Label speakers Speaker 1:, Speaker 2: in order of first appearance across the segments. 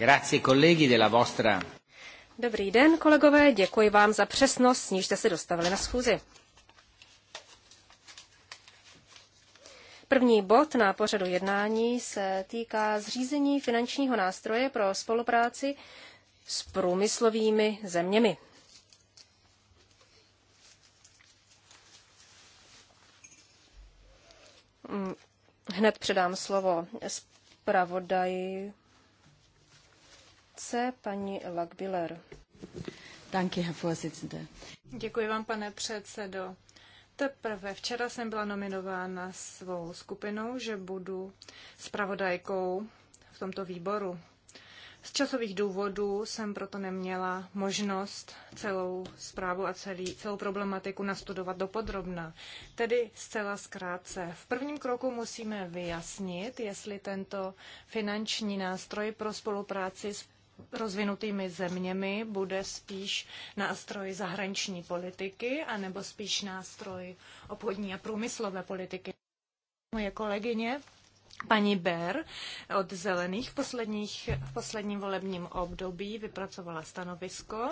Speaker 1: Grazie colleghi della vostra...
Speaker 2: Dobrý den, kolegové, děkuji vám za přesnost, s níž jste se dostavili na schůzi. První bod na pořadu jednání se týká zřízení finančního nástroje pro spolupráci s průmyslovými zeměmi. Hm, hned předám slovo zpravodaji krátce paní Lagbiller. Danke, Herr
Speaker 1: Děkuji vám, pane předsedo. Teprve včera jsem byla nominována svou skupinou, že budu spravodajkou v tomto výboru. Z časových důvodů jsem proto neměla možnost celou zprávu a celý, celou problematiku nastudovat dopodrobna. Tedy zcela zkrátce. V prvním kroku musíme vyjasnit, jestli tento finanční nástroj pro spolupráci s rozvinutými zeměmi bude spíš nástroj zahraniční politiky anebo spíš nástroj obchodní a průmyslové politiky. Moje kolegyně Paní Ber od Zelených v, posledních, v posledním volebním období vypracovala stanovisko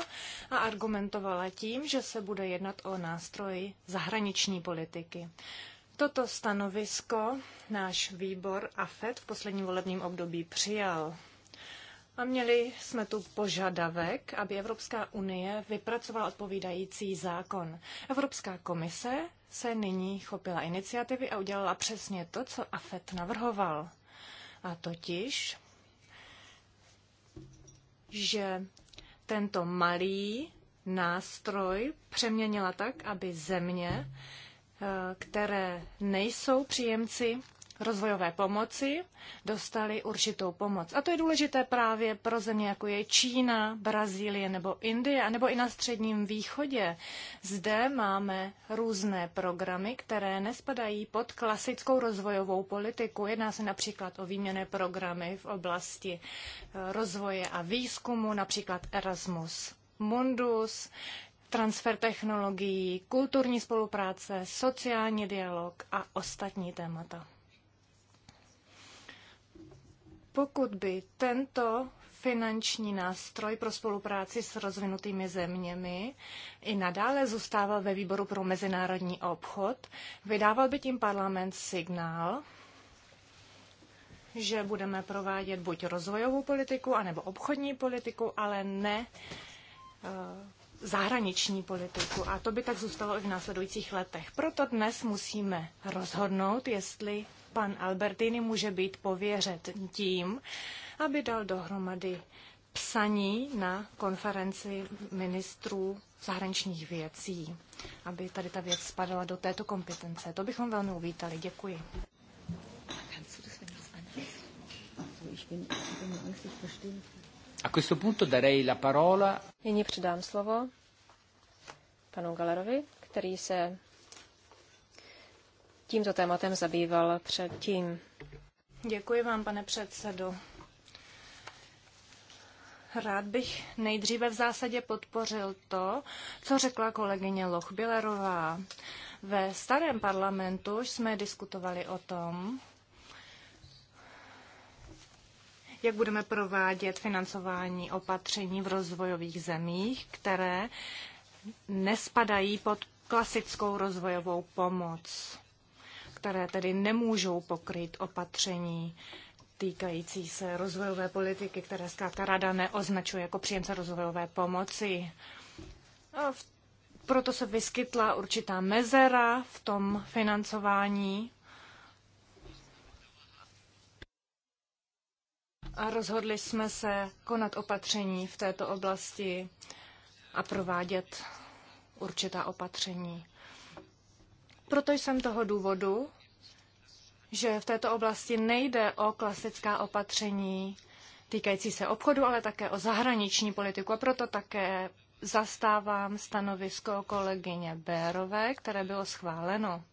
Speaker 1: a argumentovala tím, že se bude jednat o nástroj zahraniční politiky. Toto stanovisko náš výbor AFED v posledním volebním období přijal. A měli jsme tu požadavek, aby Evropská unie vypracovala odpovídající zákon. Evropská komise se nyní chopila iniciativy a udělala přesně to, co AFET navrhoval. A totiž, že tento malý nástroj přeměnila tak, aby země, eh, které nejsou příjemci rozvojové pomoci dostali určitou pomoc. A to je důležité právě pro země, jako je Čína, Brazílie nebo Indie, nebo i na Středním východě. Zde máme různé programy, které nespadají pod klasickou rozvojovou politiku. Jedná se například o výměné programy v oblasti eh, rozvoje a výzkumu, například Erasmus Mundus, transfer technologií, kulturní spolupráce, sociální dialog a ostatní témata. Pokud by tento finanční nástroj pro spolupráci s rozvinutými zeměmi i nadále zůstával ve výboru pro mezinárodní obchod, vydával by tím parlament signál, že budeme provádět buď rozvojovou politiku, anebo obchodní politiku, ale ne eh, zahraniční politiku. A to by tak zůstalo i v následujících letech. Proto dnes musíme rozhodnout, jestli pan Albertini může být pověřen tím, aby dal dohromady psaní na konferenci ministrů zahraničních věcí, aby tady ta věc spadala do této kompetence. To bychom velmi uvítali. Děkuji. A questo punto darei la parola. Nyní předám
Speaker 2: slovo panu Galerovi, který se tímto tématem zabýval předtím.
Speaker 1: Děkuji vám, pane předsedo. Rád bych nejdříve v zásadě podpořil to, co řekla kolegyně Lochbilerová. Ve starém parlamentu jsme diskutovali o tom, jak budeme provádět financování opatření v rozvojových zemích, které nespadají pod klasickou rozvojovou pomoc které tedy nemůžou pokryt opatření týkající se rozvojové politiky, které zkrátka rada neoznačuje jako příjemce rozvojové pomoci. A v, proto se vyskytla určitá mezera v tom financování. A rozhodli jsme se konat opatření v této oblasti a provádět určitá opatření. Proto jsem toho důvodu, že v této oblasti nejde o klasická opatření týkající se obchodu, ale také o zahraniční politiku. A proto také zastávám stanovisko kolegyně Bérové, které bylo schváleno.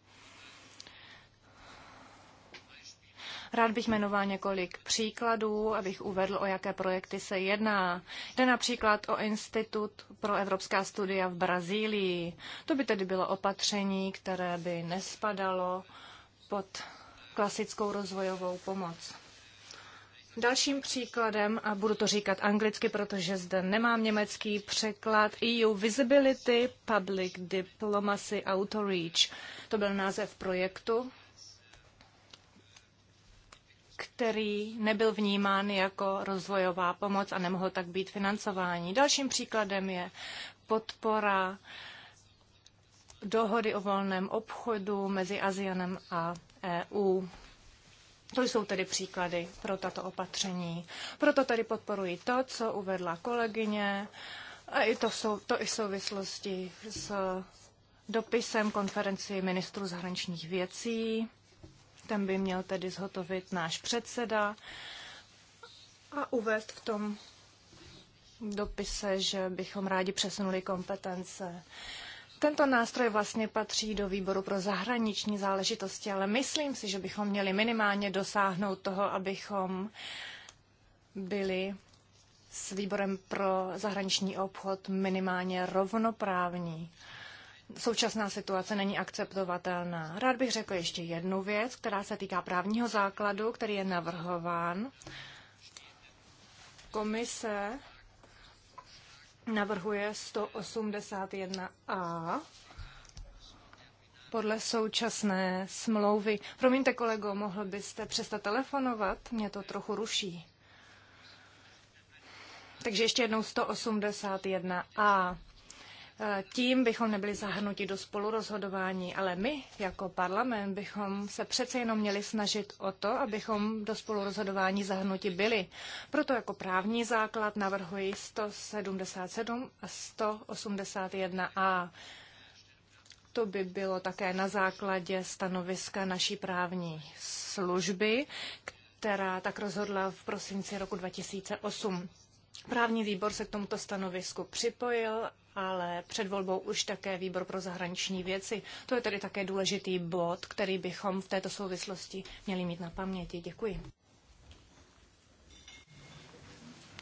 Speaker 1: Rád bych jmenoval několik příkladů, abych uvedl, o jaké projekty se jedná. Jde například o Institut pro evropská studia v Brazílii. To by tedy bylo opatření, které by nespadalo pod klasickou rozvojovou pomoc. Dalším příkladem, a budu to říkat anglicky, protože zde nemám německý překlad, EU Visibility Public Diplomacy Outreach. To byl název projektu, který nebyl vnímán jako rozvojová pomoc a nemohl tak být financování. Dalším příkladem je podpora dohody o volném obchodu mezi ASEANem a EU. To jsou tedy příklady pro tato opatření. Proto tady podporuji to, co uvedla kolegyně, a i to, jsou, to i v souvislosti s dopisem konferenci ministrů zahraničních věcí ten by měl tedy zhotovit náš předseda a uvést v tom dopise, že bychom rádi přesunuli kompetence. Tento nástroj vlastně patří do výboru pro zahraniční záležitosti, ale myslím si, že bychom měli minimálně dosáhnout toho, abychom byli s výborem pro zahraniční obchod minimálně rovnoprávní současná situace není akceptovatelná. Rád bych řekl ještě jednu věc, která se týká právního základu, který je navrhován. Komise navrhuje 181a podle současné smlouvy. Promiňte, kolego, mohl byste přestat telefonovat? Mě to trochu ruší. Takže ještě jednou 181a tím bychom nebyli zahrnuti do spolurozhodování, ale my jako parlament bychom se přece jenom měli snažit o to, abychom do spolurozhodování zahrnuti byli. Proto jako právní základ navrhuji 177 a 181a. To by bylo také na základě stanoviska naší právní služby, která tak rozhodla v prosinci roku 2008. Právní výbor se k tomuto stanovisku připojil ale před volbou už také výbor pro zahraniční věci. To je tedy také důležitý bod, který bychom v této souvislosti měli mít na paměti. Děkuji.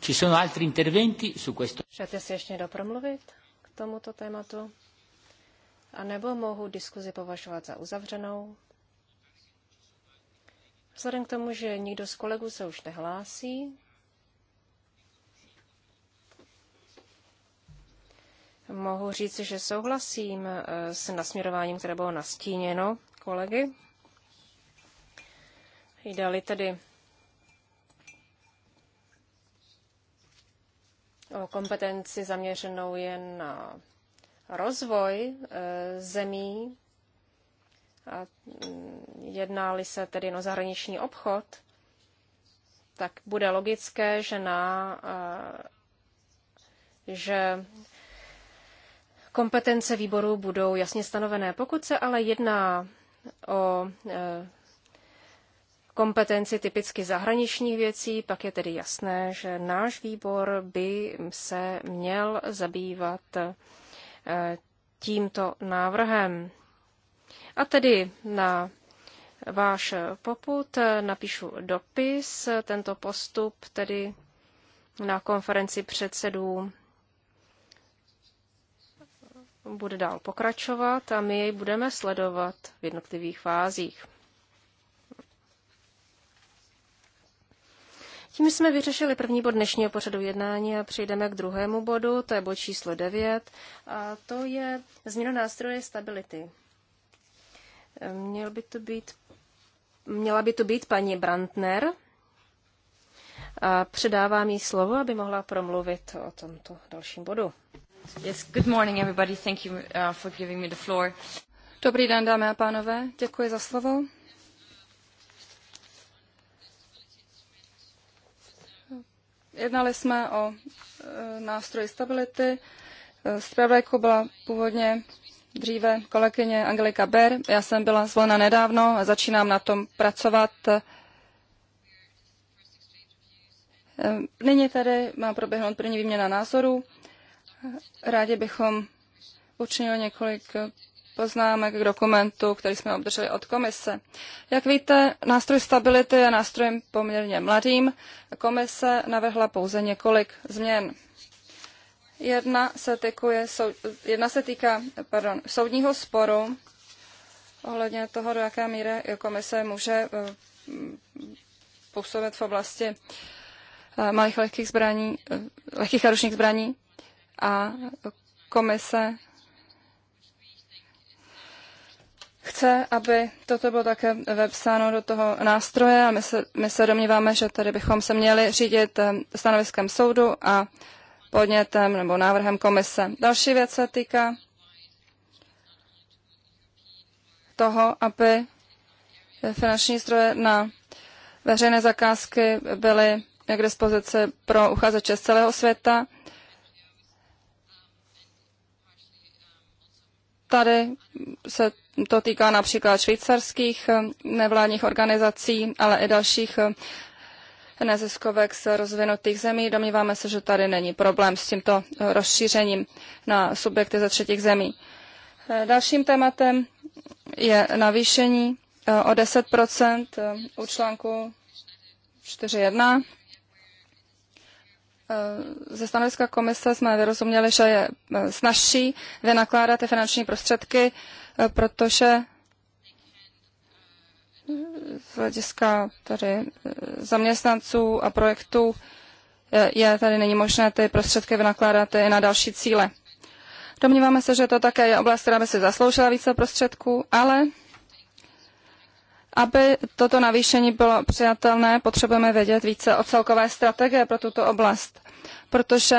Speaker 1: Ci sono altri interventi su questo? Chcete si ještě dopromluvit
Speaker 2: k tomuto tématu? A nebo mohu diskuzi považovat za uzavřenou? Vzhledem k tomu, že nikdo z kolegů se už nehlásí, mohu říct, že souhlasím eh, s nasměrováním, které bylo nastíněno kolegy. Jde-li tedy o kompetenci zaměřenou jen na rozvoj eh, zemí a mm, jedná-li se tedy o zahraniční obchod, tak bude logické, že, na, eh, že Kompetence výboru budou jasně stanovené. Pokud se ale jedná o e, kompetenci typicky zahraničních věcí, pak je tedy jasné, že náš výbor by se měl zabývat e, tímto návrhem. A tedy na váš poput napíšu dopis, tento postup tedy na konferenci předsedů bude dál pokračovat a my jej budeme sledovat v jednotlivých fázích. Tím jsme vyřešili první bod dnešního pořadu jednání a přejdeme k druhému bodu, to je bod číslo 9, a to je změna nástroje stability. Měl by to být, měla by to být paní Brandner. A předávám jí slovo, aby mohla promluvit o tomto dalším bodu.
Speaker 3: Dobrý den, dámy a pánové. Děkuji za slovo. Jednali jsme o e, nástroji stability. Zpravodajkou byla původně dříve kolegyně Angelika Ber. Já jsem byla zvolena nedávno a začínám na tom pracovat. E, nyní tady má proběhnout první výměna názorů. Rádi bychom učinili několik poznámek k dokumentu, který jsme obdrželi od komise. Jak víte, nástroj stability je nástrojem poměrně mladým. Komise navrhla pouze několik změn. Jedna se, tykuje, jedna se týká pardon, soudního sporu ohledně toho, do jaké míry komise může eh, působit v oblasti eh, malých lehkých zbraní, eh, lehkých a zbraní a komise chce, aby toto bylo také vepsáno do toho nástroje a my se, my se domníváme, že tady bychom se měli řídit eh, stanoviskem soudu a podnětem nebo návrhem komise. Další věc se týká toho, aby finanční stroje na veřejné zakázky byly k dispozici pro uchazeče z celého světa Tady se to týká například švýcarských eh, nevládních organizací, ale i dalších eh, neziskovek z rozvinutých zemí. Domníváme se, že tady není problém s tímto eh, rozšířením na subjekty ze třetích zemí. Dalším tématem je navýšení o 10 u článku Eh, ze stanoviska komise jsme vyrozuměli, že je eh, snažší vynakládat ty finanční prostředky, eh, protože z hlediska tady zaměstnanců a projektů je tady není možné ty prostředky vynakládat i na další cíle. Domníváme se, že to také je oblast, která by si zasloužila více prostředků, ale aby toto navýšení bylo přijatelné, potřebujeme vědět více o celkové strategie pro tuto oblast, protože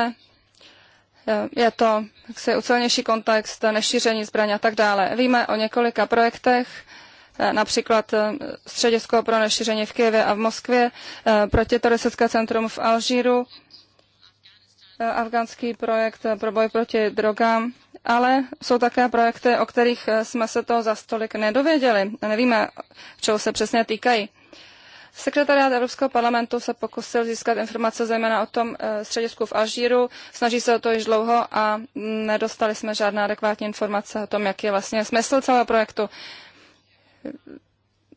Speaker 3: eh, je to jaksi ucelnější kontext, nešíření zbraní a tak dále. Víme o několika projektech, eh, například eh, Středisko pro nešíření v Kijevě a v Moskvě, protiteroristické centrum v Alžíru, afgánský projekt pro boj proti drogám ale jsou také projekty, o kterých eh, jsme se to za stolik nedověděli. Nevíme, čeho se přesně týkají. Sekretariát Evropského parlamentu se pokusil získat informace zejména o tom eh, středisku v Alžíru. Snaží se o to již dlouho a nedostali jsme žádné adekvátní informace o tom, jaký je vlastně smysl celého projektu.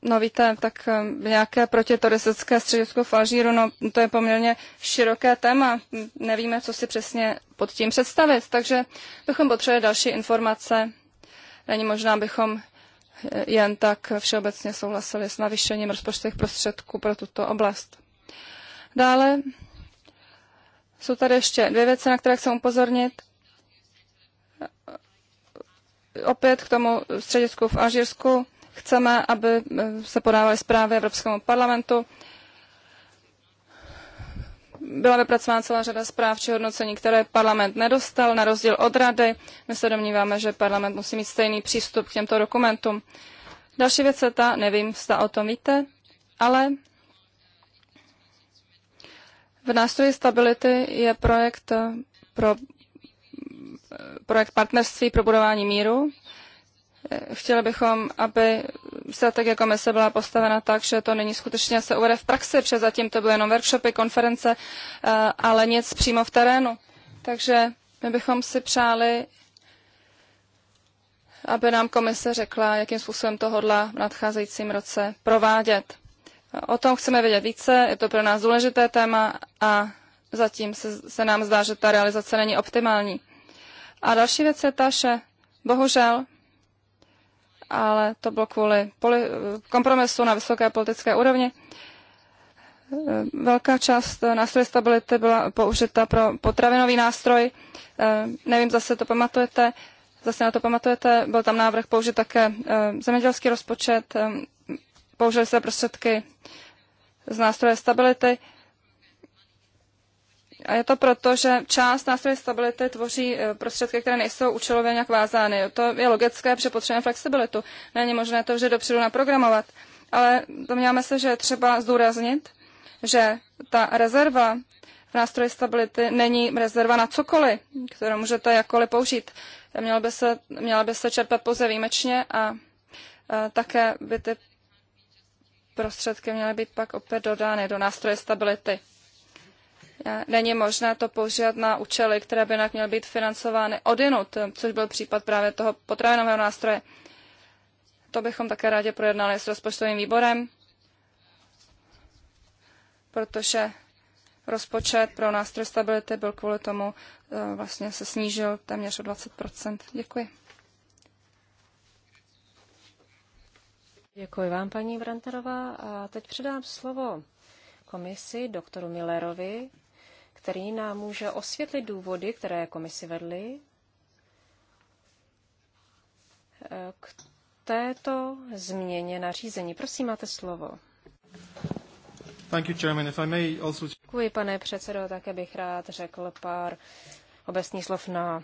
Speaker 3: No víte, tak eh, nějaké protitoristické středisko v Alžíru, no to je poměrně široké téma. Nevíme, co si přesně pod tím představit, takže bychom potřebovali další informace. Není možná, bychom eh, jen tak všeobecně souhlasili s navýšením rozpočtových prostředků pro tuto oblast. Dále jsou tady ještě dvě věci, na které chci upozornit. Opět k tomu středisku v Alžírsku Chceme, aby eh, se podávaly zprávy Evropskému parlamentu. Byla vypracována celá řada zpráv či hodnocení, které parlament nedostal, na rozdíl od rady. My se domníváme, že parlament musí mít stejný přístup k těmto dokumentům. Další věc je ta, nevím, zda o tom víte, ale v nástroji stability je projekt eh, pro eh, projekt partnerství pro budování míru. Chtěli bychom, aby strategie komise byla postavena tak, že to není skutečně se uvede v praxi, protože zatím to byly jenom workshopy, konference, eh, ale nic přímo v terénu. Takže my bychom si přáli, aby nám komise řekla, jakým způsobem to hodla v nadcházejícím roce provádět. O tom chceme vědět více, je to pro nás důležité téma a zatím se, se nám zdá, že ta realizace není optimální. A další věc je ta, že bohužel ale to bylo kvůli kompromisu na vysoké politické úrovni. Velká část nástroje stability byla použita pro potravinový nástroj. Eh, nevím, zase to pamatujete. Zase na to pamatujete. Byl tam návrh použít také eh, zemědělský rozpočet. Ehm, použili se prostředky z nástroje stability. A je to proto, že část nástrojů stability tvoří eh, prostředky, které nejsou účelově nějak vázány. To je logické, protože potřebujeme flexibilitu. Není možné to vždy dopředu naprogramovat. Ale domníváme se, že je třeba zdůraznit, že ta rezerva v nástroji stability není rezerva na cokoliv, kterou můžete jakkoliv použít. Měla by se, měla by se čerpat pouze výjimečně a, a také by ty prostředky měly být pak opět dodány do nástroje stability není možné to používat na účely, které by jinak měly být financovány odinut, což byl případ právě toho potravinového nástroje. To bychom také rádi projednali s rozpočtovým výborem, protože rozpočet pro nástroj stability byl kvůli tomu eh, vlastně se snížil téměř o 20 Děkuji.
Speaker 2: Děkuji vám, paní Brantarová. A teď předám slovo komisi doktoru Millerovi, který nám může osvětlit důvody, které komisi vedly eh, k této změně nařízení. Prosím, máte slovo. Děkuji, pane předsedo, také bych rád řekl pár obecných slov na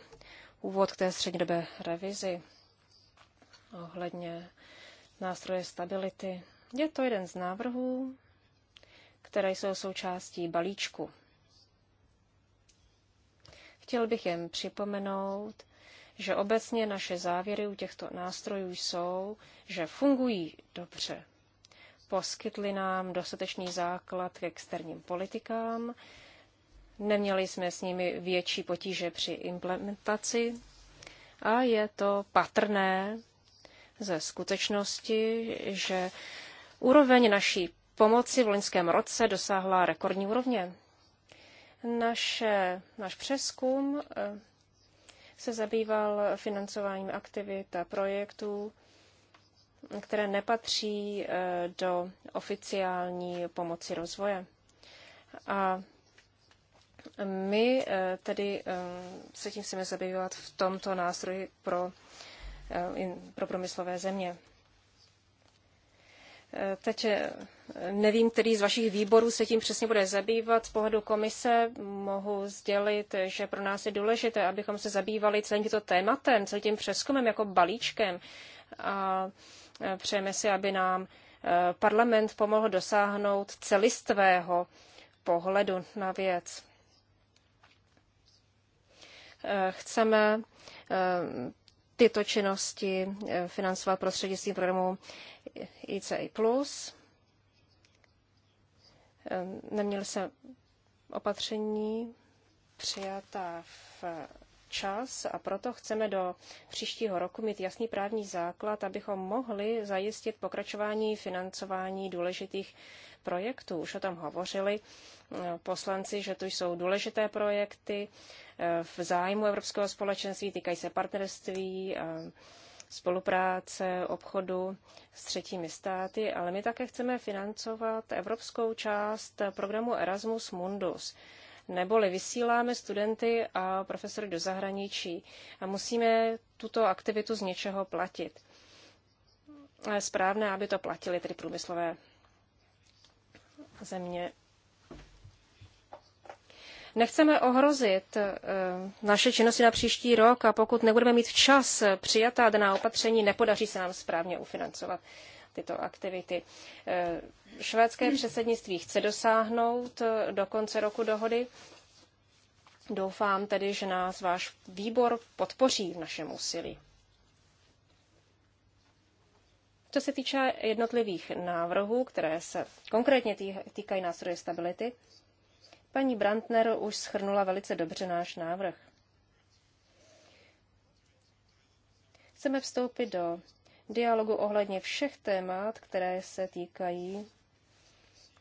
Speaker 2: úvod k té střednědobé revizi ohledně nástroje stability. Je to jeden z návrhů, které jsou součástí balíčku Chtěl bych jen připomenout, že obecně naše závěry u těchto nástrojů jsou, že fungují dobře. Poskytli nám dostatečný základ k externím politikám, neměli jsme s nimi větší potíže při implementaci a je to patrné ze skutečnosti, že úroveň naší pomoci v loňském roce dosáhla rekordní úrovně. Naše, náš přeskum eh, se zabýval financováním aktivit a projektů, které nepatří eh, do oficiální pomoci rozvoje. A my eh, tedy se tím chceme zabývat v tomto nástroji pro, pro promyslové země. Teď nevím, který z vašich výborů se tím přesně bude zabývat. Z pohledu komise mohu sdělit, že pro nás je důležité, abychom se zabývali celým tímto tématem, celým tím přeskumem jako balíčkem. A e, přejeme si, aby nám e, parlament pomohl dosáhnout celistvého pohledu na věc. E, chceme tyto činnosti eh, financoval prostřednictvím programu ICI+. Eh, Neměl jsem opatření přijatá v čas a proto chceme do příštího roku mít jasný právní základ, abychom mohli zajistit pokračování financování důležitých projektů. Už o tom hovořili eh, poslanci, že tu jsou důležité projekty eh, v zájmu Evropského společenství, týkají se partnerství, spolupráce, obchodu s třetími státy, ale my také chceme financovat evropskou část programu Erasmus Mundus neboli vysíláme studenty a profesory do zahraničí a musíme tuto aktivitu z něčeho platit. Ale správné, aby to platili tedy průmyslové země. Nechceme ohrozit eh, naše činnosti na příští rok a pokud nebudeme mít včas přijatá daná opatření, nepodaří se nám správně ufinancovat tyto aktivity. Eh, švédské předsednictví chce dosáhnout eh, do konce roku dohody. Doufám tedy, že nás váš výbor podpoří v našem úsilí. Co se týče jednotlivých návrhů, které se konkrétně týkají nástroje stability, paní Brandner už schrnula velice dobře náš návrh. Chceme vstoupit do dialogu ohledně všech témat, které se týkají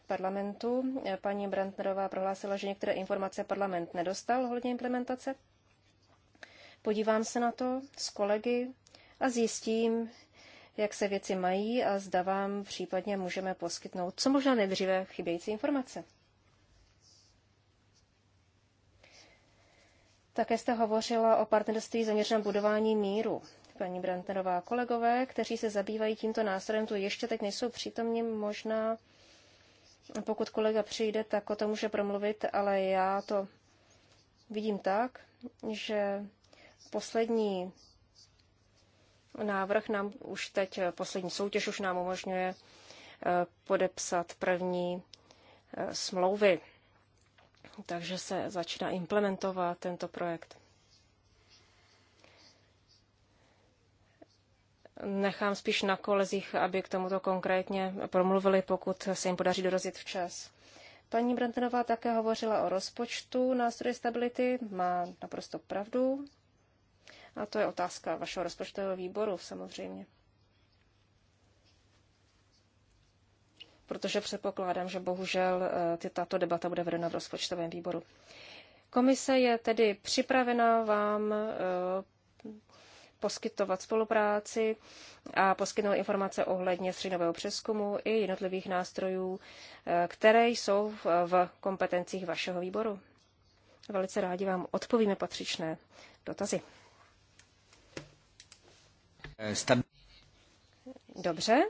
Speaker 2: parlamentu. Paní Brandnerová prohlásila, že některé informace parlament nedostal ohledně implementace. Podívám se na to s kolegy a zjistím, jak se věci mají a zda vám případně můžeme poskytnout co možná nejdříve chybějící informace. Také jste hovořila o partnerství zaměřeném budování míru paní Brantnerová kolegové, kteří se zabývají tímto nástrojem, tu ještě teď nejsou přítomní, možná pokud kolega přijde, tak o tom může promluvit, ale já to vidím tak, že poslední návrh nám už teď, poslední soutěž už nám umožňuje eh, podepsat první eh, smlouvy. Takže se začíná implementovat tento projekt. nechám spíš na kolezích, aby k tomuto konkrétně promluvili, pokud se jim podaří dorazit včas. Paní Brantenová také hovořila o rozpočtu nástroje stability, má naprosto pravdu. A to je otázka vašeho rozpočtového výboru samozřejmě. Protože předpokládám, že bohužel eh, tato debata bude vedena v rozpočtovém výboru. Komise je tedy připravena vám eh, poskytovat spolupráci a poskytnout informace ohledně střinového přeskumu i jednotlivých nástrojů, eh, které jsou v kompetencích vašeho výboru. Velice rádi vám odpovíme patřičné dotazy. Dobře.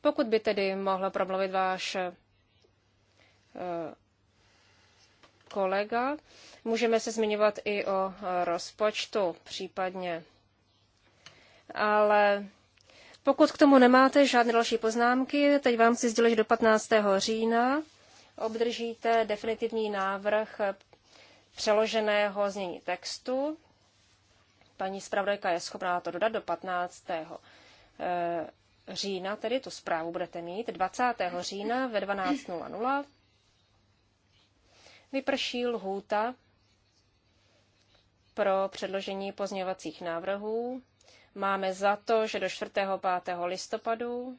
Speaker 2: Pokud by tedy mohl promluvit váš eh, kolega. Můžeme se zmiňovat i o rozpočtu případně. Ale pokud k tomu nemáte žádné další poznámky, teď vám si sdělit, že do 15. října obdržíte definitivní návrh přeloženého znění textu. Paní zpravodajka je schopná to dodat do 15. Eh, října, tedy tu zprávu budete mít 20. října ve 12.00 vyprší lhůta pro předložení pozměňovacích návrhů. Máme za to, že do 4. 5. listopadu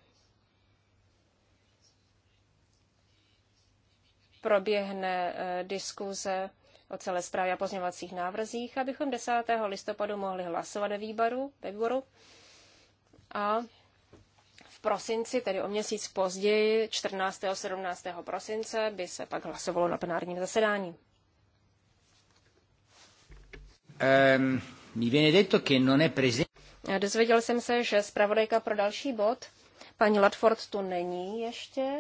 Speaker 2: proběhne e, diskuze o celé zprávě a pozměňovacích návrzích, abychom 10. listopadu mohli hlasovat ve výboru, ve výboru a prosinci, tedy o měsíc později, 14. a 17. prosince, by se pak hlasovalo na plenárním zasedání.
Speaker 1: Um, mi viene detto che non è presente. Dozvěděl
Speaker 2: jsem se, že zpravodajka pro další bod, paní Latford tu není ještě.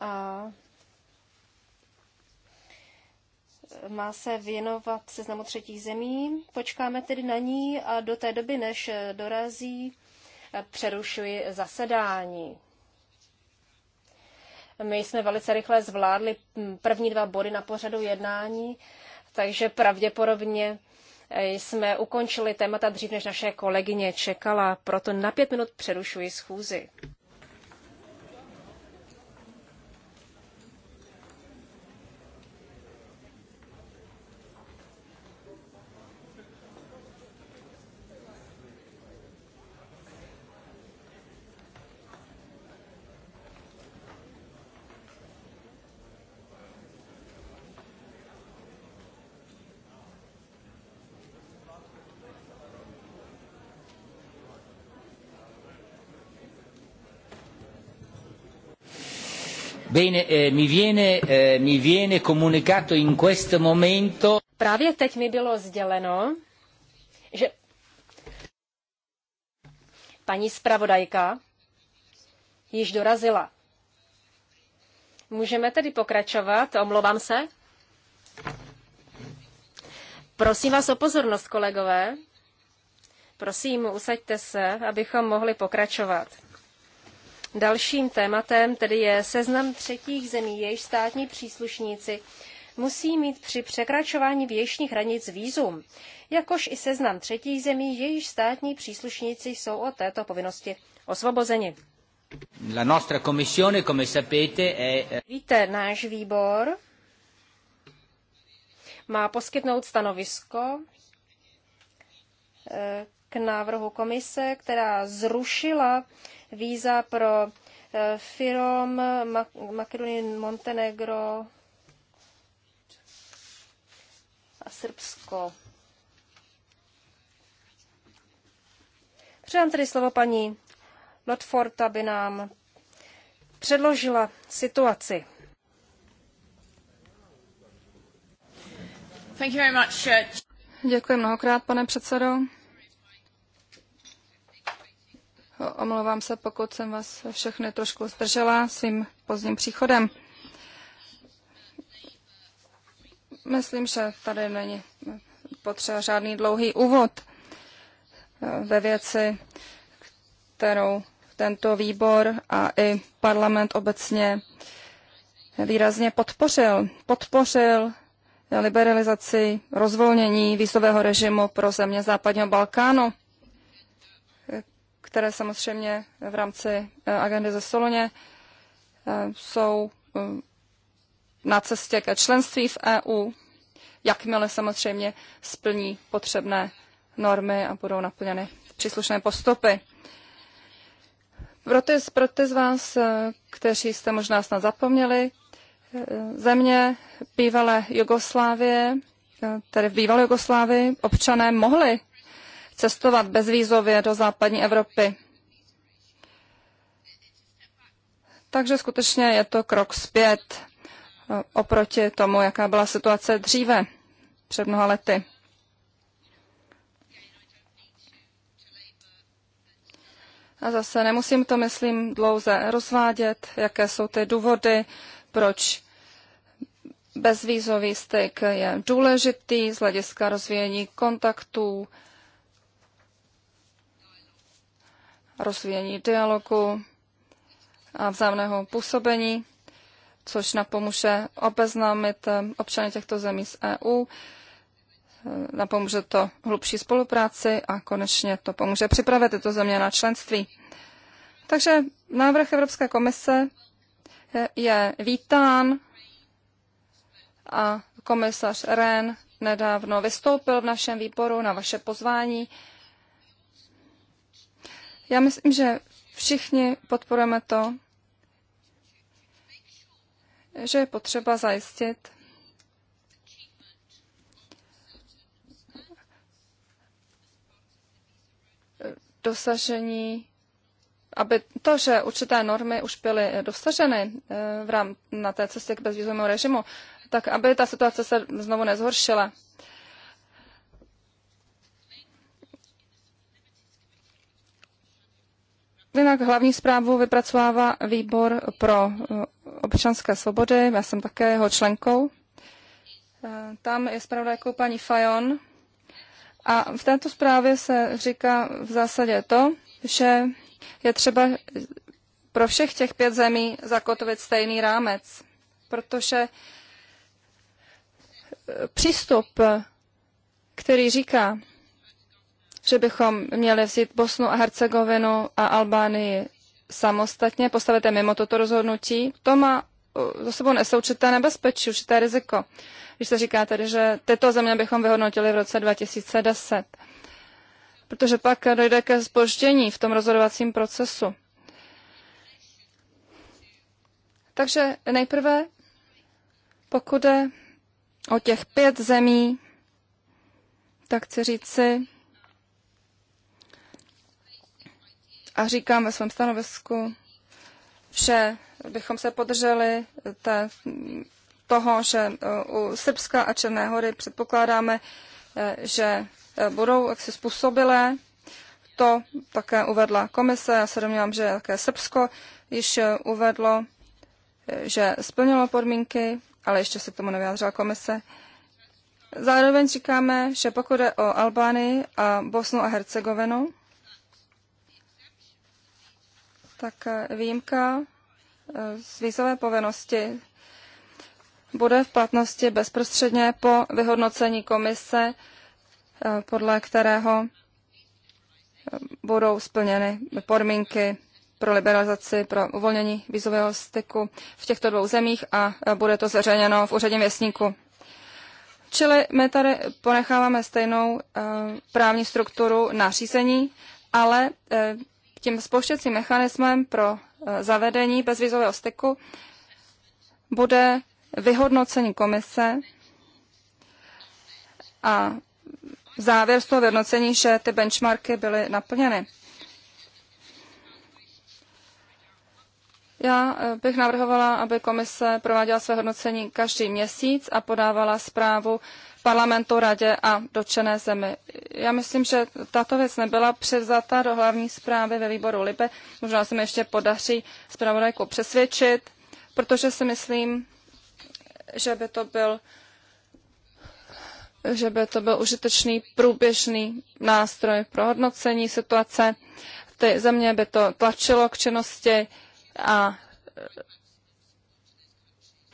Speaker 2: A má se věnovat seznamu třetích zemí. Počkáme tedy na ní a do té doby, než dorazí, přerušuji zasedání. My jsme velice rychle zvládli první dva body na pořadu jednání, takže pravděpodobně jsme ukončili témata dřív, než naše kolegyně čekala. Proto na pět minut přerušuji schůzi.
Speaker 1: Bene, eh, mi, viene, eh, mi viene comunicato in questo
Speaker 3: momento.
Speaker 2: Právě teď mi bylo sděleno, že paní zpravodajka již dorazila. Můžeme tedy pokračovat, omlouvám se. Prosím vás o pozornost, kolegové. Prosím, usaďte se, abychom mohli pokračovat. Dalším tématem tedy je seznam třetích zemí, jejíž státní příslušníci musí mít při překračování věčních hranic výzum, jakož i seznam třetích zemí, jejíž státní příslušníci jsou od této povinnosti osvobozeni.
Speaker 1: La nostra commissione, come sapete, è... Eh,
Speaker 2: Víte, náš výbor má poskytnout stanovisko eh, k návrhu komise, která zrušila víza pro eh, Firom, Makedonii, Montenegro a Srbsko. Předám tedy slovo paní Lotford, aby nám
Speaker 3: předložila situaci. Uh, Děkuji mnohokrát, pane předsedo. Omlouvám se, pokud jsem vás všechny trošku zdržela svým pozdním příchodem. Myslím, že tady není potřeba žádný dlouhý úvod eh, ve věci, kterou tento výbor a i parlament obecně výrazně podpořil. Podpořil liberalizaci rozvolnění výzového režimu pro země západního Balkánu které samozřejmě v rámci eh, agendy ze Soloně eh, jsou eh, na cestě ke členství v EU, jakmile samozřejmě splní potřebné normy a budou naplněny příslušné postupy. Pro ty, pro ty z vás, kteří jste možná snad zapomněli, země bývalé Jugoslávie, tedy v bývalé Jugoslávii, občané mohli cestovat bezvízově do západní Evropy. Takže skutečně je to krok zpět eh, oproti tomu, jaká byla situace dříve, před mnoha lety. A zase nemusím to, myslím, dlouze rozvádět, jaké jsou ty důvody, proč bezvízový styk je důležitý z hlediska rozvíjení kontaktů, rozvíjení dialogu a vzájemného působení, což napomůže obeznámit eh, občany těchto zemí z EU, eh, napomůže to hlubší spolupráci a konečně to pomůže připravit tyto země na členství. Takže návrh Evropské komise je vítán a komisař Ren nedávno vystoupil v našem výboru na vaše pozvání já myslím, že všichni podporujeme to, že je potřeba zajistit dosažení, aby to, že určité normy už byly dosaženy eh, v rám, na té cestě k bezvízovému režimu, tak aby ta situace se znovu nezhoršila. Jinak hlavní zprávu vypracovává výbor pro eh, občanské svobody, já jsem také jeho členkou. Eh, tam je zpravodajkou paní Fajon. A v této zprávě se říká v zásadě to, že je třeba pro všech těch pět zemí zakotvit stejný rámec, protože eh, přístup, který říká, že bychom měli vzít Bosnu a Hercegovinu a Albánii samostatně, postavit je mimo toto rozhodnutí, to má uh, za sebou nese určité nebezpečí, určité riziko. Když se říká tedy, že tyto země bychom vyhodnotili v roce 2010, protože pak dojde ke zpoždění v tom rozhodovacím procesu. Takže nejprve, pokud je o těch pět zemí, tak chci říci, a říkám ve svém stanovisku, že bychom se podrželi té, toho, že e, u Srbska a Černé hory předpokládáme, e, že e, budou jaksi způsobilé. To také uvedla komise. Já se domnívám, že také Srbsko již uvedlo, že splnilo podmínky, ale ještě se k tomu nevyjádřila komise. Zároveň říkáme, že pokud jde o Albánii a Bosnu a Hercegovinu, tak eh, výjimka eh, z vízové povinnosti bude v platnosti bezprostředně po vyhodnocení komise, eh, podle kterého budou splněny podmínky pro liberalizaci, pro uvolnění vízového styku v těchto dvou zemích a bude to zveřejněno v úředním věstníku. Čili my tady ponecháváme stejnou právní strukturu nařízení, ale tím spouštěcím mechanismem pro eh, zavedení bezvizového styku bude vyhodnocení komise a závěr z toho vyhodnocení, že ty benchmarky byly naplněny. Já eh, bych navrhovala, aby komise prováděla své hodnocení každý měsíc a podávala zprávu parlamentu, radě a dotčené zemi já myslím, že tato věc nebyla převzata do hlavní zprávy ve výboru Libe. Možná se mi ještě podaří zpravodajku přesvědčit, protože si myslím, že by to byl že by to byl užitečný průběžný nástroj pro hodnocení situace. Ty země by to tlačilo k činnosti a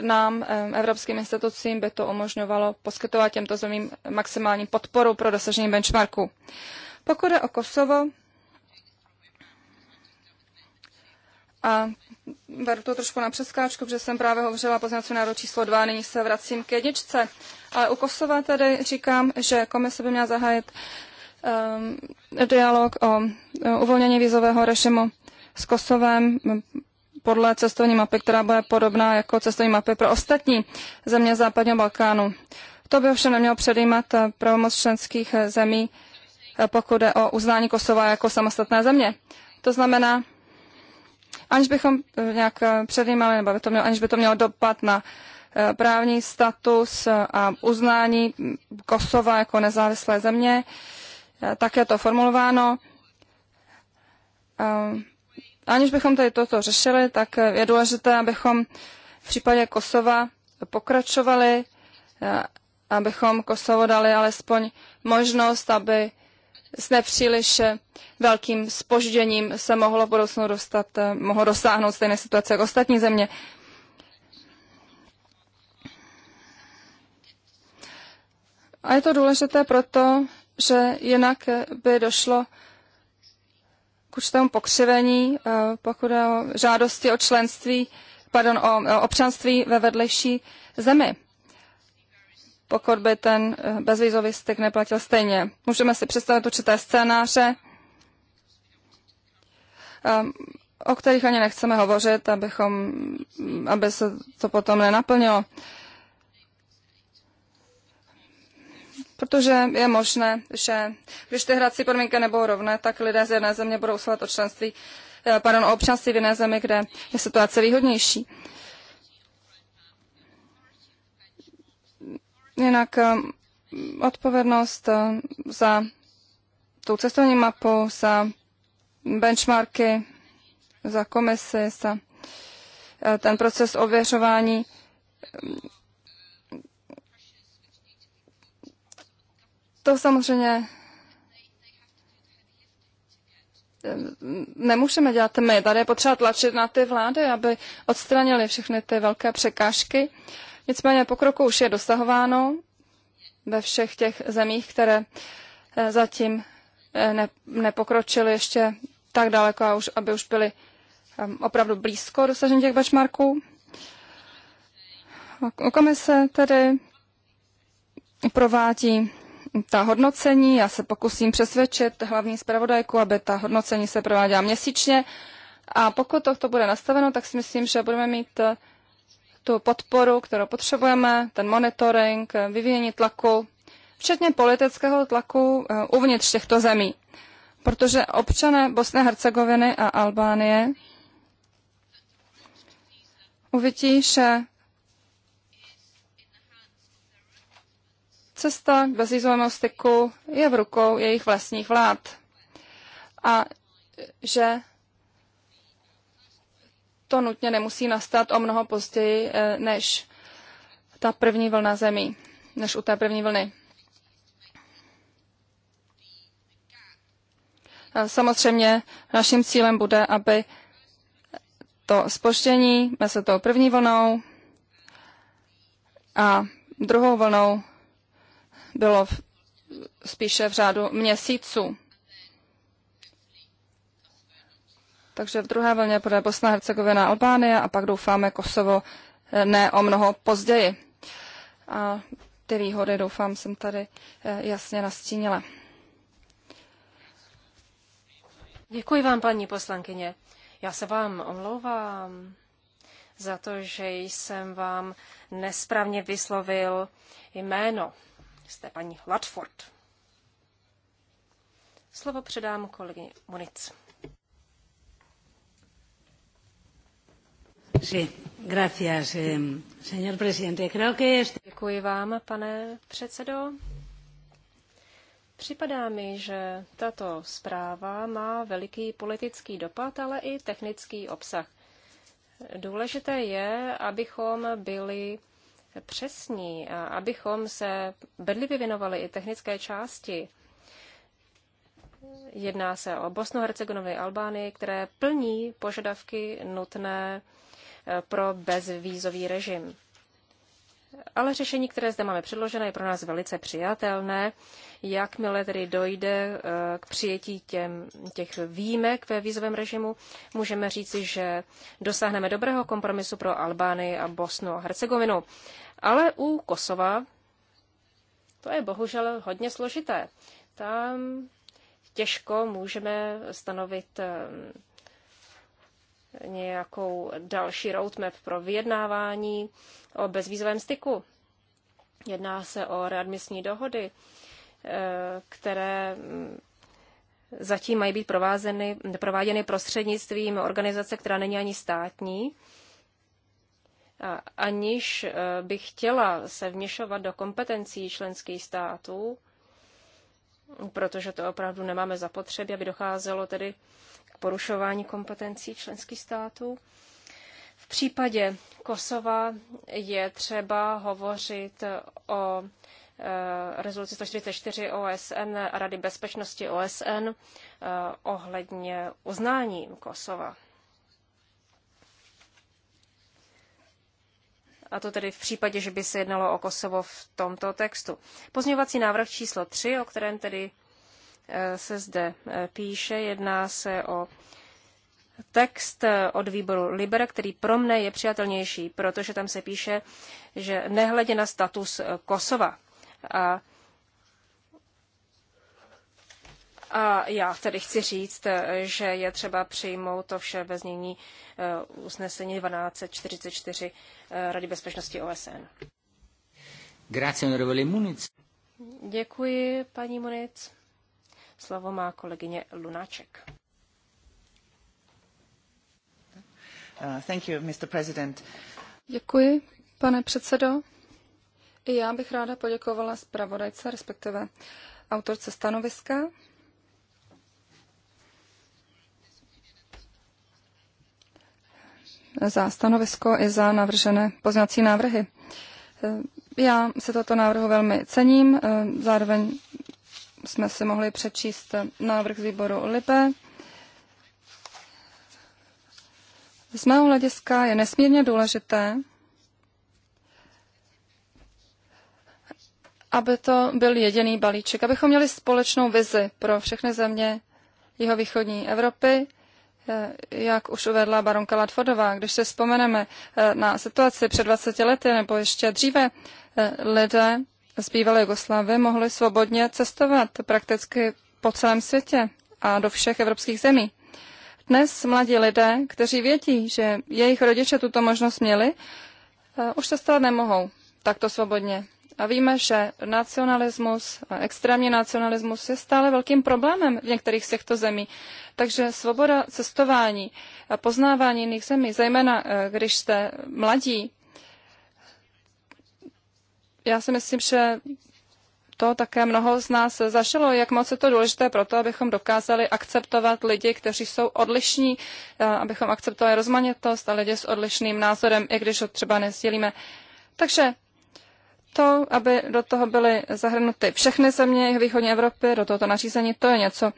Speaker 3: nám, evropským institucím, by to umožňovalo poskytovat těmto zemím maximální podporu pro dosažení benchmarku. Pokud je o Kosovo, a beru to trošku na přeskáčku, protože jsem právě hovořila poznací národ číslo 2, nyní se vracím k jedničce. Ale u Kosova tedy říkám, že komise by měla zahájit um, dialog o, o uvolnění vízového režimu s Kosovem podle cestovní mapy, která bude podobná jako cestovní mapy pro ostatní země západního Balkánu. To by ovšem nemělo předjímat eh, pravomoc členských eh, zemí, eh, pokud je o uznání Kosova jako samostatné země. To znamená, aniž bychom nějak předjímali, nebo by to mělo, aniž by to mělo dopad na právní status a uznání hm, Kosova jako nezávislé země, tak je to formulováno. Ehm, Aniž bychom tady toto řešili, tak je důležité, abychom v případě Kosova pokračovali, abychom Kosovo dali alespoň možnost, aby s nepříliš velkým spožděním se mohlo v budoucnu dostat, eh, mohlo dosáhnout stejné situace jako ostatní země. A je to důležité proto, že jinak by došlo určitému pokřivení, eh, pokud je o žádosti o členství, pardon, o občanství ve vedlejší zemi pokud by ten eh, bezvízový styk neplatil stejně. Můžeme si představit určité scénáře, eh, o kterých ani nechceme hovořit, abychom, aby se to potom nenaplnilo. protože je možné, že když ty hrací podmínky nebudou rovné, tak lidé z jedné země budou usilovat o členství, eh, pardon, o občanství v jiné zemi, kde je situace výhodnější. Jinak eh, odpovědnost eh, za tou cestovní mapu, za benchmarky, za komisy, za ten proces ověřování To samozřejmě nemůžeme dělat my. Tady je potřeba tlačit na ty vlády, aby odstranili všechny ty velké překážky. Nicméně pokroku už je dosahováno ve všech těch zemích, které eh, zatím eh, ne, nepokročily ještě tak daleko, už, aby už byly opravdu blízko dosažení těch benchmarků. Komise tedy provádí ta hodnocení, já se pokusím přesvědčit hlavní zpravodajku, aby ta hodnocení se prováděla měsíčně. A pokud to bude nastaveno, tak si myslím, že budeme mít eh, tu podporu, kterou potřebujeme, ten monitoring, eh, vyvíjení tlaku, včetně politického tlaku eh, uvnitř těchto zemí. Protože občané Bosny, Hercegoviny a Albánie uvidí, že Cesta k bezvízovému styku je v rukou jejich vlastních vlád. A že to nutně nemusí nastat o mnoho později eh, než ta první vlna zemí, než u té první vlny. Samozřejmě naším cílem bude, aby to spoštění mezi tou první vlnou a druhou vlnou bylo v, spíše v řádu měsíců. Takže v druhé vlně bude Bosna, Hercegovina, Albánie a pak doufáme Kosovo eh, ne o mnoho později. A ty výhody, doufám, jsem tady eh, jasně nastínila.
Speaker 2: Děkuji vám, paní poslankyně. Já se vám omlouvám za to, že jsem vám nesprávně vyslovil jméno jste paní Latford. Slovo předám kolegy Munic. Sí, gracias, eh, señor presidente. Creo que Děkuji vám, pane předsedo. Připadá mi, že tato zpráva má veliký politický dopad, ale i technický obsah. Důležité je, abychom byli přesní, abychom se bedlivě věnovali i technické části. Jedná se o Bosnu, Hercegovinu a Albánii, které plní požadavky nutné eh, pro bezvízový režim. Ale řešení, které zde máme předložené, je pro nás velice přijatelné. Jakmile tedy dojde eh, k přijetí těm, těch výjimek ve vízovém režimu, můžeme říci, že dosáhneme dobrého kompromisu pro Albány a Bosnu a Hercegovinu. Ale u Kosova to je bohužel hodně složité. Tam těžko můžeme stanovit eh, nějakou další roadmap pro vyjednávání o bezvýzovém styku. Jedná se o readmisní dohody, eh, které mm, zatím mají být provázeny, prováděny prostřednictvím organizace, která není ani státní, aniž eh, bych chtěla se vměšovat do kompetencí členských států, protože to opravdu nemáme zapotřebí, aby docházelo tedy k porušování kompetencí členských států. V případě Kosova je třeba hovořit o eh, rezoluci 144 OSN a Rady bezpečnosti OSN eh, ohledně uznání Kosova. a to tedy v případě, že by se jednalo o Kosovo v tomto textu. Pozměňovací návrh číslo 3, o kterém tedy eh, se zde eh, píše, jedná se o text eh, od výboru Liber, který pro mne je přijatelnější, protože tam se píše, že nehledě na status Kosova a A já tedy chci říct, eh, že je třeba přijmout to vše ve znění eh, usnesení 1244 eh, Rady bezpečnosti OSN.
Speaker 3: Grazie, onorevole Muniz.
Speaker 2: Děkuji, paní Munic. Slovo má kolegyně Lunáček.
Speaker 3: Uh, thank you, Mr. President. Děkuji, pane předsedo. I já bych ráda poděkovala zpravodajce, respektive autorce stanoviska za stanovisko i za navržené poznací návrhy. Eh, já se toto návrhu velmi cením, eh, zároveň jsme si mohli přečíst návrh z výboru Lipe. Z mého hlediska je nesmírně důležité, aby to byl jediný balíček, abychom měli společnou vizi pro všechny země jihovýchodní Evropy, Eh, jak už uvedla baronka Latvodová, když se vzpomeneme eh, na situaci před 20 lety nebo ještě dříve, eh, lidé z bývalé Jugoslávy mohli svobodně cestovat prakticky po celém světě a do všech evropských zemí. Dnes mladí lidé, kteří vědí, že jejich rodiče tuto možnost měli, už cestovat nemohou takto svobodně. A víme, že nacionalismus, extrémní nacionalismus je stále velkým problémem v některých z těchto zemí. Takže svoboda cestování a poznávání jiných zemí, zejména eh, když jste mladí, já si myslím, že to také mnoho z nás zašlo, jak moc je to důležité pro to, abychom dokázali akceptovat lidi, kteří jsou odlišní, eh, abychom akceptovali rozmanitost a lidi s odlišným názorem, i když ho třeba nesdělíme. Takže to, aby do toho byly zahrnuty všechny země východní Evropy, do tohoto nařízení, to je něco,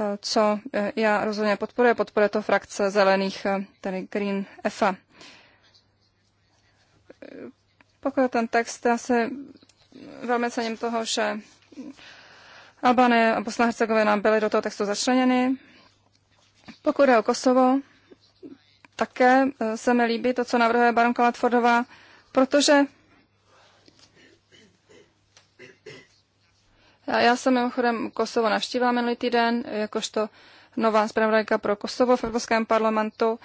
Speaker 3: eh, co eh, já rozhodně podporuji. Podporuje to frakce zelených, eh, tedy Green EFA. Pokud ten text, já se velmi cením toho, že Albany a Bosna Hercegovina byly do toho textu začleněny. Pokud je o Kosovo, také se mi líbí to, co navrhuje baronka Latfordová, protože Já jsem mimochodem Kosovo navštívila minulý týden, jakožto nová zpravodajka pro Kosovo v Evropském parlamentu.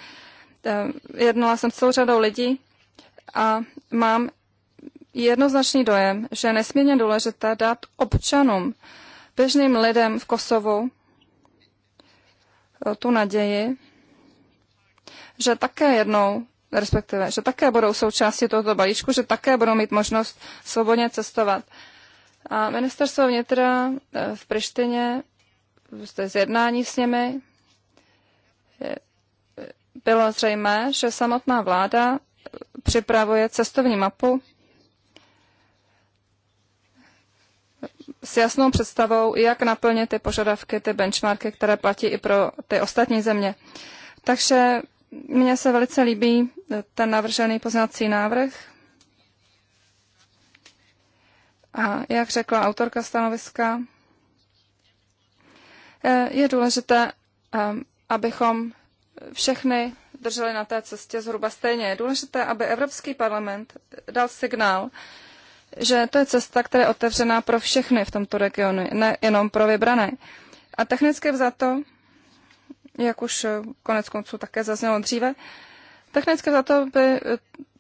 Speaker 3: E, jednala jsem s celou řadou lidí a mám jednoznačný dojem, že je nesmírně důležité dát občanům, běžným lidem v Kosovu e, tu naději, že také jednou, respektive, že také budou součástí tohoto balíčku, že také budou mít možnost svobodně cestovat. A ministerstvo vnitra eh, v Prištině, z jednání s nimi, eh, bylo zřejmé, že samotná vláda eh, připravuje cestovní mapu s jasnou představou, jak naplnit ty požadavky, ty benchmarky, které platí i pro ty ostatní země. Takže mně se velice líbí ten navržený poznací návrh. A jak řekla autorka stanoviska, eh, je důležité, ehm, abychom všechny drželi na té cestě zhruba stejně. Je důležité, aby Evropský parlament dal signál, že to je cesta, která je otevřená pro všechny v tomto regionu, ne jenom pro vybrané. A technicky vzato, jak už konec konců také zaznělo dříve, technicky vzato by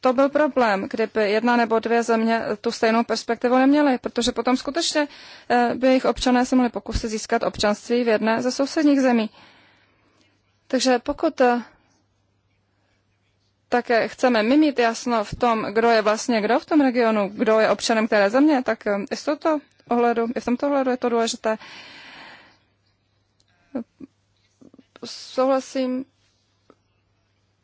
Speaker 3: to byl problém, kdyby jedna nebo dvě země tu stejnou perspektivu neměly, protože potom skutečně eh, by jejich občané se mohli pokusit získat občanství v jedné ze sousedních zemí. Takže pokud eh, také chceme my mít jasno v tom, kdo je vlastně kdo v tom regionu, kdo je občanem které země, tak eh, i, v, tomto ohledu, i v tomto ohledu je to důležité. Souhlasím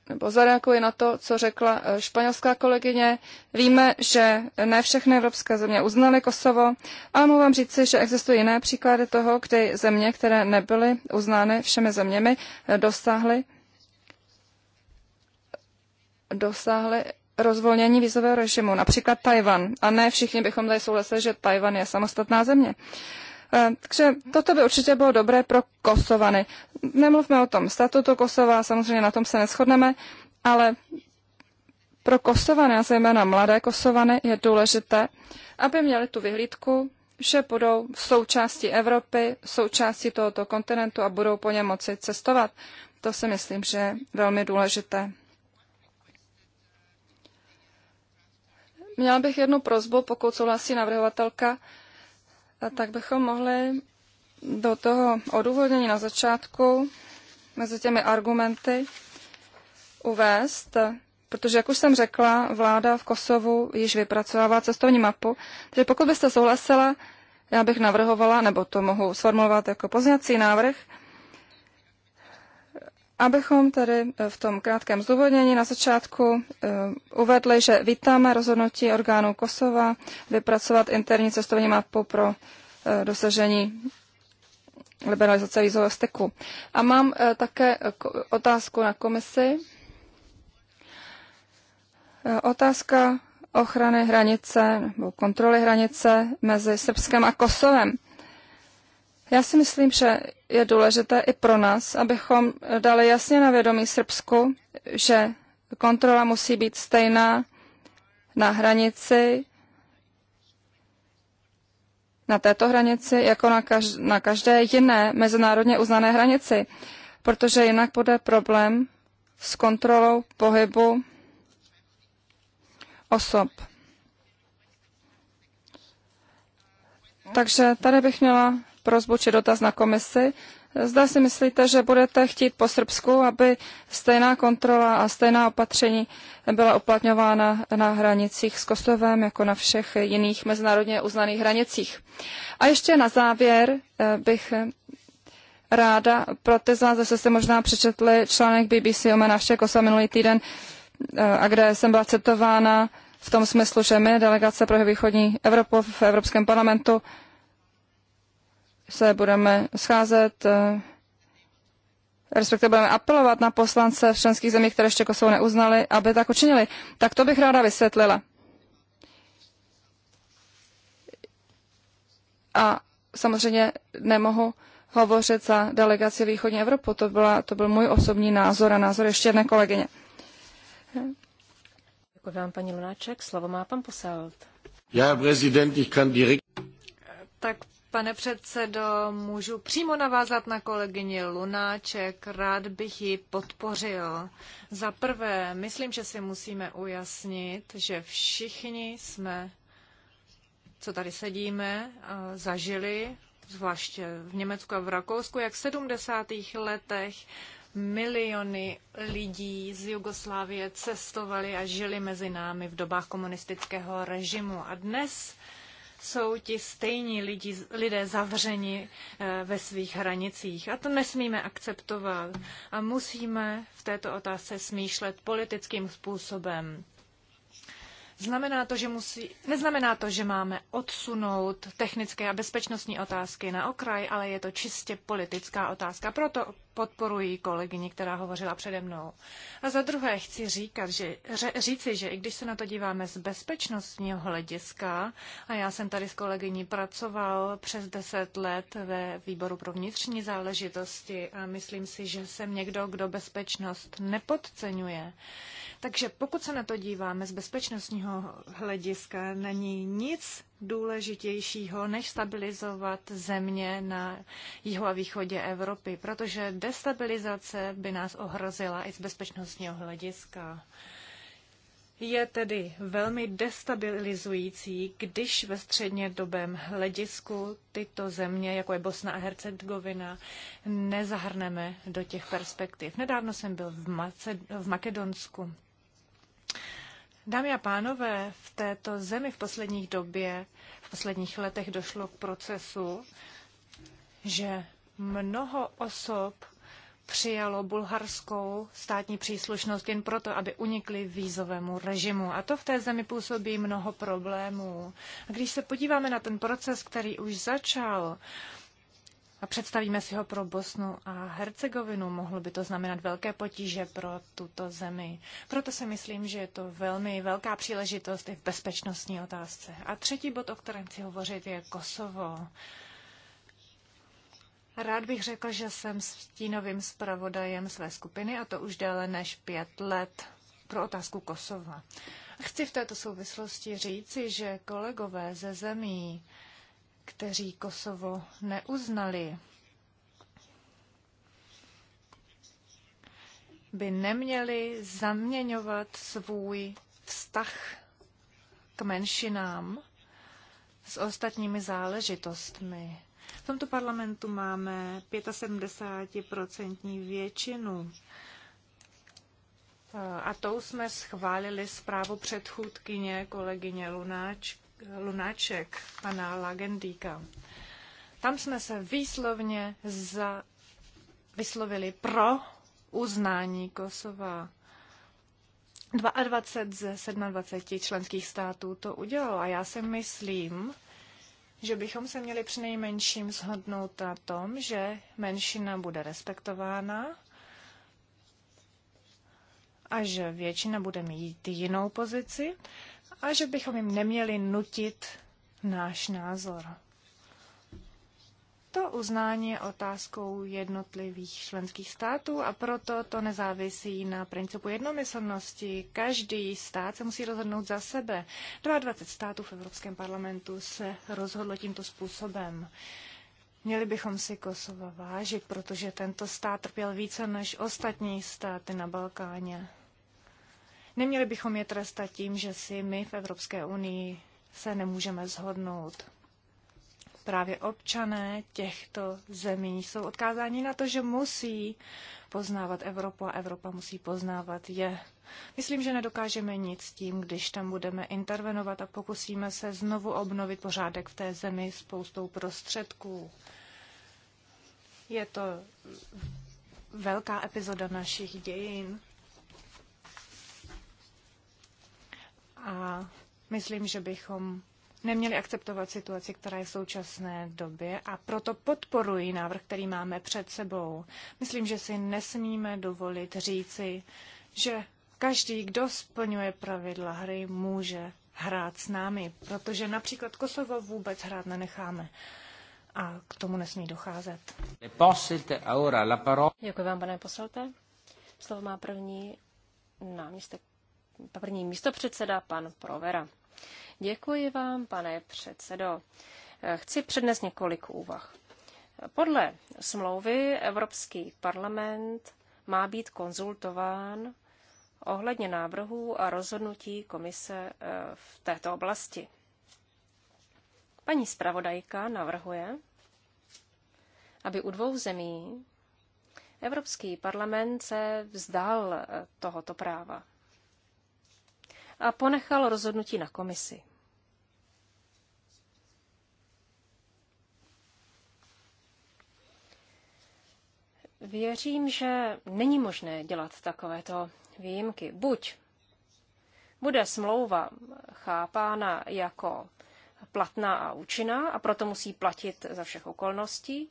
Speaker 3: nebo zareaguji na to, co řekla eh, španělská kolegyně. Víme, že ne všechny evropské země uznaly Kosovo, ale mohu vám říci, že existují jiné příklady toho, kdy země, které nebyly uznány všemi zeměmi, eh, dosáhly dosáhly rozvolnění vízového režimu, například Tajvan. A ne všichni bychom tady souhlasili, že Tajvan je samostatná země. Uh, Eh, takže toto by určitě bylo dobré pro Kosovany. Nemluvme o tom statutu Kosova, samozřejmě na tom se neschodneme, ale pro Kosovany a zejména mladé Kosovany je důležité, aby měli tu vyhlídku, že budou součástí Evropy, součástí tohoto kontinentu a budou po něm moci cestovat. To si myslím, že je velmi důležité. Měla bych jednu prozbu, pokud souhlasí navrhovatelka, tak bychom mohli do toho odůvodnění na začátku mezi těmi argumenty uvést, protože, jak už jsem řekla, vláda v Kosovu již vypracovává cestovní mapu, takže pokud byste souhlasila, já bych navrhovala, nebo to mohu sformulovat jako pozněcí návrh, Abychom tedy eh, v tom krátkém zdůvodnění na začátku eh, uvedli, že vítáme rozhodnutí orgánů Kosova vypracovat interní cestovní mapu pro eh, dosažení liberalizace vízového styku. A mám také otázku na komisi. Otázka ochrany hranice nebo kontroly hranice mezi Srbskem a Kosovem. Já si myslím, že je důležité i pro nás, abychom dali jasně na vědomí Srbsku, že kontrola musí být stejná na hranici, na této hranici, jako na, kaž- na každé jiné mezinárodně uznané hranici, protože jinak bude problém s kontrolou pohybu osob. Takže tady bych měla prozbu či dotaz na komisi. Zda si myslíte, že budete chtít po Srbsku, aby stejná kontrola a stejná opatření byla uplatňována na hranicích s Kosovem jako na všech jiných mezinárodně uznaných hranicích. A ještě na závěr eh, bych ráda pro ty z vás, zase jste možná přečetli článek BBC o mé návštěvě Kosova minulý týden, eh, a kde jsem byla citována v tom smyslu, že my, delegace pro východní Evropu v Evropském parlamentu, se budeme scházet, eh, respektive budeme apelovat na poslance v členských zemích, které ještě Kosovo neuznali, aby tak učinili. Tak to bych ráda vysvětlila. A samozřejmě nemohu hovořit za delegaci Východní Evropu. To, byla, to byl můj osobní názor a názor ještě jedné kolegyně.
Speaker 1: Děkuji vám, paní Lunáček. Slovo má pan Poselt. Já, prezident, ich kann direkt... Tak, pane předsedo. Můžu přímo navázat na kolegyni Lunáček. Rád bych ji podpořil. Za prvé, myslím, že si musíme ujasnit, že všichni jsme, co tady sedíme, zažili, zvláště v Německu a v Rakousku, jak v 70. letech miliony lidí z Jugoslávie cestovali a žili mezi námi v dobách komunistického režimu. A dnes jsou ti stejní lidi, lidé zavřeni eh, ve svých hranicích. A to nesmíme akceptovat. A musíme v této otázce smýšlet politickým způsobem. Znamená to, že musí, neznamená to, že máme odsunout technické a bezpečnostní otázky na okraj, ale je to čistě politická otázka. Proto podporuji kolegyni, která hovořila přede mnou. A za druhé chci říkat, že, ře, říci, že i když se na to díváme z bezpečnostního hlediska, a já jsem tady s kolegyní pracoval přes deset let ve výboru pro vnitřní záležitosti a myslím si, že jsem někdo, kdo bezpečnost nepodceňuje. Takže pokud se na to díváme z bezpečnostního hlediska, není nic důležitějšího, než stabilizovat země na jihu a východě Evropy, protože destabilizace by nás ohrozila i z bezpečnostního hlediska. Je tedy velmi destabilizující, když ve střednědobém hledisku tyto země, jako je Bosna a Hercegovina, nezahrneme do těch perspektiv. Nedávno jsem byl v, Maced- v Makedonsku. Dámy a pánové, v této zemi v posledních době, v posledních letech došlo k procesu, že mnoho osob přijalo bulharskou státní příslušnost jen proto, aby unikli vízovému režimu. A to v té zemi působí mnoho problémů. A když se podíváme na ten proces, který už začal, a představíme si ho pro Bosnu a Hercegovinu. Mohlo by to znamenat velké potíže pro tuto zemi. Proto si myslím, že je to velmi velká příležitost i v bezpečnostní otázce. A třetí bod, o kterém chci hovořit, je Kosovo. Rád bych řekl, že jsem stínovým zpravodajem své skupiny, a to už déle než pět let, pro otázku Kosova. Chci v této souvislosti říci, že kolegové ze zemí, kteří Kosovo neuznali, by neměli zaměňovat svůj vztah k menšinám s ostatními záležitostmi. V tomto parlamentu máme 75% většinu. A tou jsme schválili zprávu předchůdkyně kolegyně Lunáčk Lunáček, pana Lagendíka. Tam jsme se výslovně za, vyslovili pro uznání Kosova. 22 ze 27 členských států to udělalo a já si myslím, že bychom se měli přinejmenším shodnout na tom, že menšina bude respektována a že většina bude mít jinou pozici a že bychom jim neměli nutit náš názor. To uznání je otázkou jednotlivých členských států a proto to nezávisí na principu jednomyslnosti. Každý stát se musí rozhodnout za sebe. 22 států v Evropském parlamentu se rozhodlo tímto způsobem. Měli bychom si Kosovo vážit, protože tento stát trpěl více než ostatní státy na Balkáně. Neměli bychom je trestat tím, že si my v Evropské unii se nemůžeme zhodnout. Právě občané těchto zemí jsou odkázáni na to, že musí poznávat Evropu a Evropa musí poznávat je. Myslím, že nedokážeme nic tím, když tam budeme intervenovat a pokusíme se znovu obnovit pořádek v té zemi spoustou prostředků. Je to velká epizoda našich dějin a myslím, že bychom neměli akceptovat situaci, která je v současné době a proto podporuji návrh, který máme před sebou. Myslím, že si nesmíme dovolit říci, že každý, kdo splňuje pravidla hry, může hrát s námi, protože například Kosovo vůbec hrát nenecháme a k tomu nesmí docházet. Děkuji vám, pane poselte. Slovo má první náměstek
Speaker 2: první místopředseda, pan Provera. Děkuji vám, pane předsedo. Chci přednes několik úvah. Podle smlouvy Evropský parlament má být konzultován ohledně návrhů a rozhodnutí komise eh, v této oblasti. Paní zpravodajka navrhuje, aby u dvou zemí Evropský parlament se vzdal eh, tohoto práva a ponechal rozhodnutí na komisi. Věřím, že není možné dělat takovéto výjimky. Buď bude smlouva chápána jako platná a účinná a proto musí platit za všech okolností.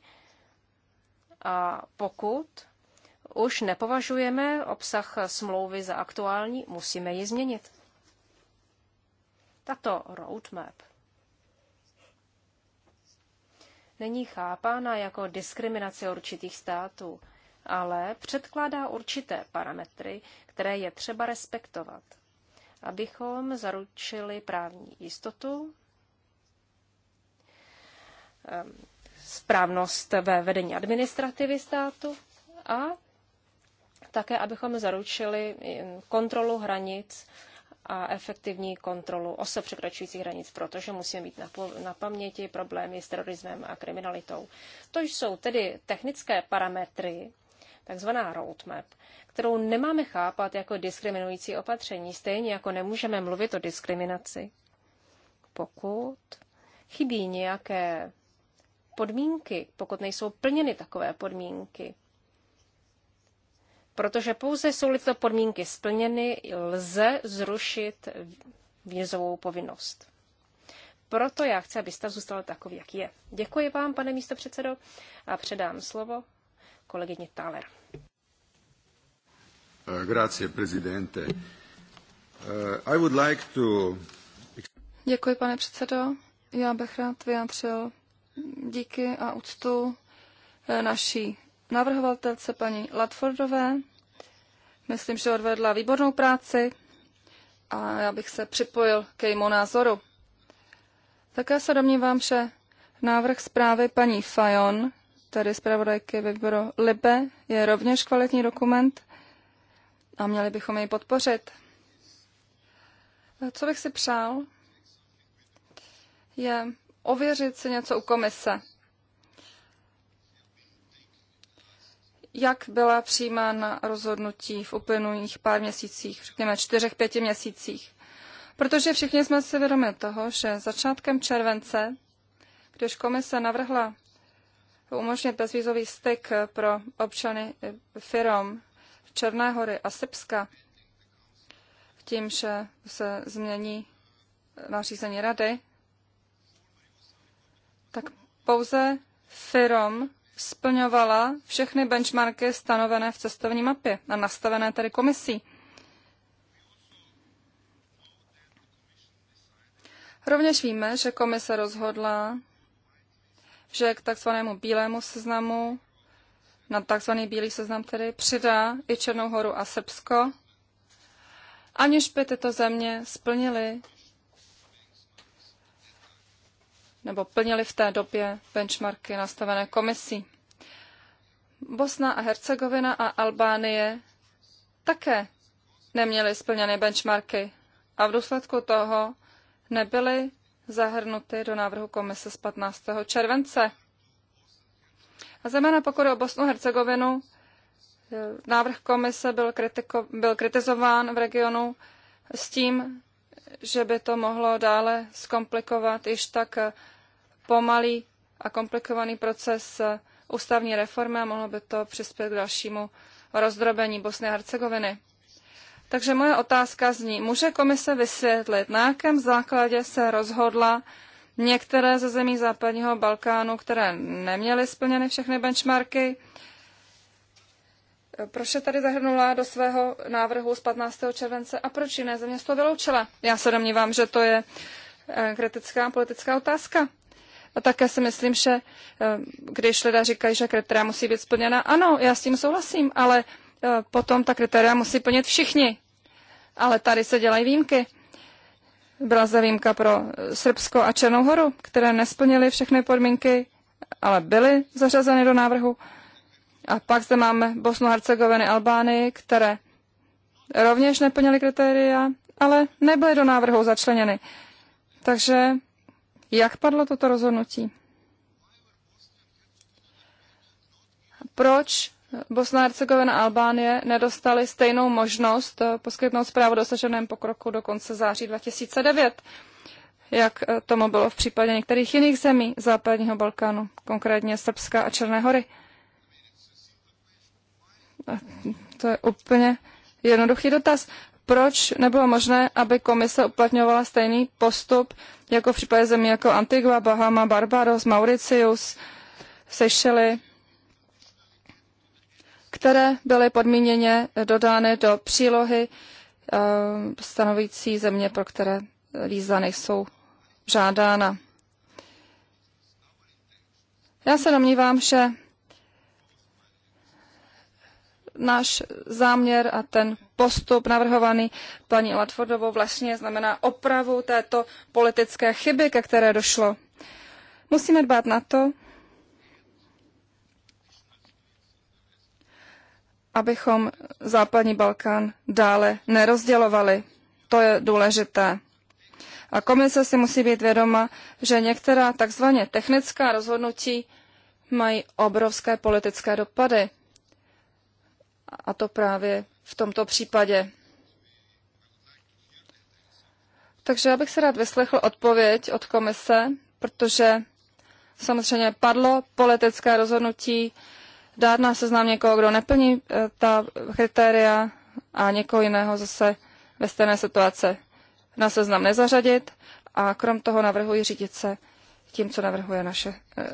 Speaker 2: A pokud už nepovažujeme obsah smlouvy za aktuální, musíme ji změnit. Tato roadmap není chápána jako diskriminace určitých států, ale předkládá určité parametry, které je třeba respektovat, abychom zaručili právní jistotu, správnost ve vedení administrativy státu a také, abychom zaručili kontrolu hranic a efektivní kontrolu osob překračujících hranic, protože musíme mít na, na paměti problémy s terorismem a kriminalitou. To jsou tedy technické parametry, takzvaná roadmap, kterou nemáme chápat jako diskriminující opatření, stejně jako nemůžeme mluvit o diskriminaci, pokud chybí nějaké podmínky, pokud nejsou plněny takové podmínky, Protože pouze jsou-li tyto podmínky splněny, lze zrušit vízovou povinnost. Proto já chci, aby stav zůstal takový, jak je. Děkuji vám, pane místopředsedo, a předám slovo kolegyni
Speaker 3: Thaler. Eh,
Speaker 1: grazie, prezidente. Eh, I would like to...
Speaker 3: Děkuji, pane předsedo. Já bych rád vyjádřil díky a úctu eh, naší navrhovatelce paní Latfordové. Myslím, že odvedla výbornou práci a já bych se připojil k jejímu názoru. Také se domnívám, že návrh zprávy paní Fajon, tedy zpravodajky výboru Libe, je rovněž kvalitní dokument a měli bychom jej podpořit. Co bych si přál, je ověřit si něco u komise. jak byla přijímána rozhodnutí v uplynulých pár měsících, řekněme čtyřech, pěti měsících. Protože všichni jsme si vědomi toho, že začátkem července, když komise navrhla umožnit bezvízový styk pro občany firm Černé hory a Srbska, tím, že se změní nařízení rady, tak pouze firm splňovala všechny benchmarky stanovené v cestovní mapě a nastavené tedy komisí. Rovněž víme, že komise rozhodla, že k takzvanému bílému seznamu, na takzvaný bílý seznam tedy, přidá i Černou horu a Srbsko, aniž by tyto země splnily nebo plnili v té době benchmarky nastavené komisí. Bosna a Hercegovina a Albánie také neměly splněny benchmarky a v důsledku toho nebyly zahrnuty do návrhu komise z 15. července. A zejména pokud o Bosnu a Hercegovinu, návrh komise byl, kritiko, byl kritizován v regionu s tím, že by to mohlo dále zkomplikovat již tak pomalý a komplikovaný proces ústavní reformy a mohlo by to přispět k dalšímu rozdrobení Bosny a Hercegoviny. Takže moje otázka zní, může komise vysvětlit, na jakém základě se rozhodla některé ze zemí západního Balkánu, které neměly splněny všechny benchmarky, proč je tady zahrnula do svého návrhu z 15. července a proč jiné země z toho vyloučila? Já se domnívám, že to je eh, kritická politická otázka. A také si myslím, že eh, když lidé říkají, že kritéria musí být splněna, ano, já s tím souhlasím, ale eh, potom ta kritéria musí plnit všichni. Ale tady se dělají výjimky. Byla zde výjimka pro eh, Srbsko a Černou horu, které nesplnily všechny podmínky, ale byly zařazeny do návrhu. A pak zde máme Bosnu, Hercegoviny, Albánii, které rovněž neplnily kritéria, ale nebyly do návrhu začleněny. Takže jak padlo toto rozhodnutí? Proč Bosna, Hercegovina a Albánie nedostali stejnou možnost eh, poskytnout zprávu dosaženém pokroku do konce září 2009, jak eh, tomu bylo v případě některých jiných zemí západního Balkánu, konkrétně Srbska a Černé hory. A eh, to je úplně jednoduchý dotaz proč nebylo možné, aby komise uplatňovala stejný postup jako v případě zemí jako Antigua, Bahama, Barbados, Mauritius, Seychely, které byly podmíněně dodány do přílohy eh, stanovící země, pro které víza nejsou žádána. Já se domnívám, že náš záměr a ten postup navrhovaný paní Latfordovou vlastně znamená opravu této politické chyby, ke které došlo. Musíme dbát na to, abychom západní Balkán dále nerozdělovali. To je důležité. A komise si musí být vědoma, že některá takzvaně technická rozhodnutí mají obrovské politické dopady. A to právě v tomto případě. Takže já bych se rád vyslechl odpověď od komise, protože samozřejmě padlo politické rozhodnutí dát na seznam někoho, kdo neplní eh, ta kritéria a někoho jiného zase ve stejné situace na seznam nezařadit a krom toho navrhuji řídit se tím, co navrhuje naše, eh,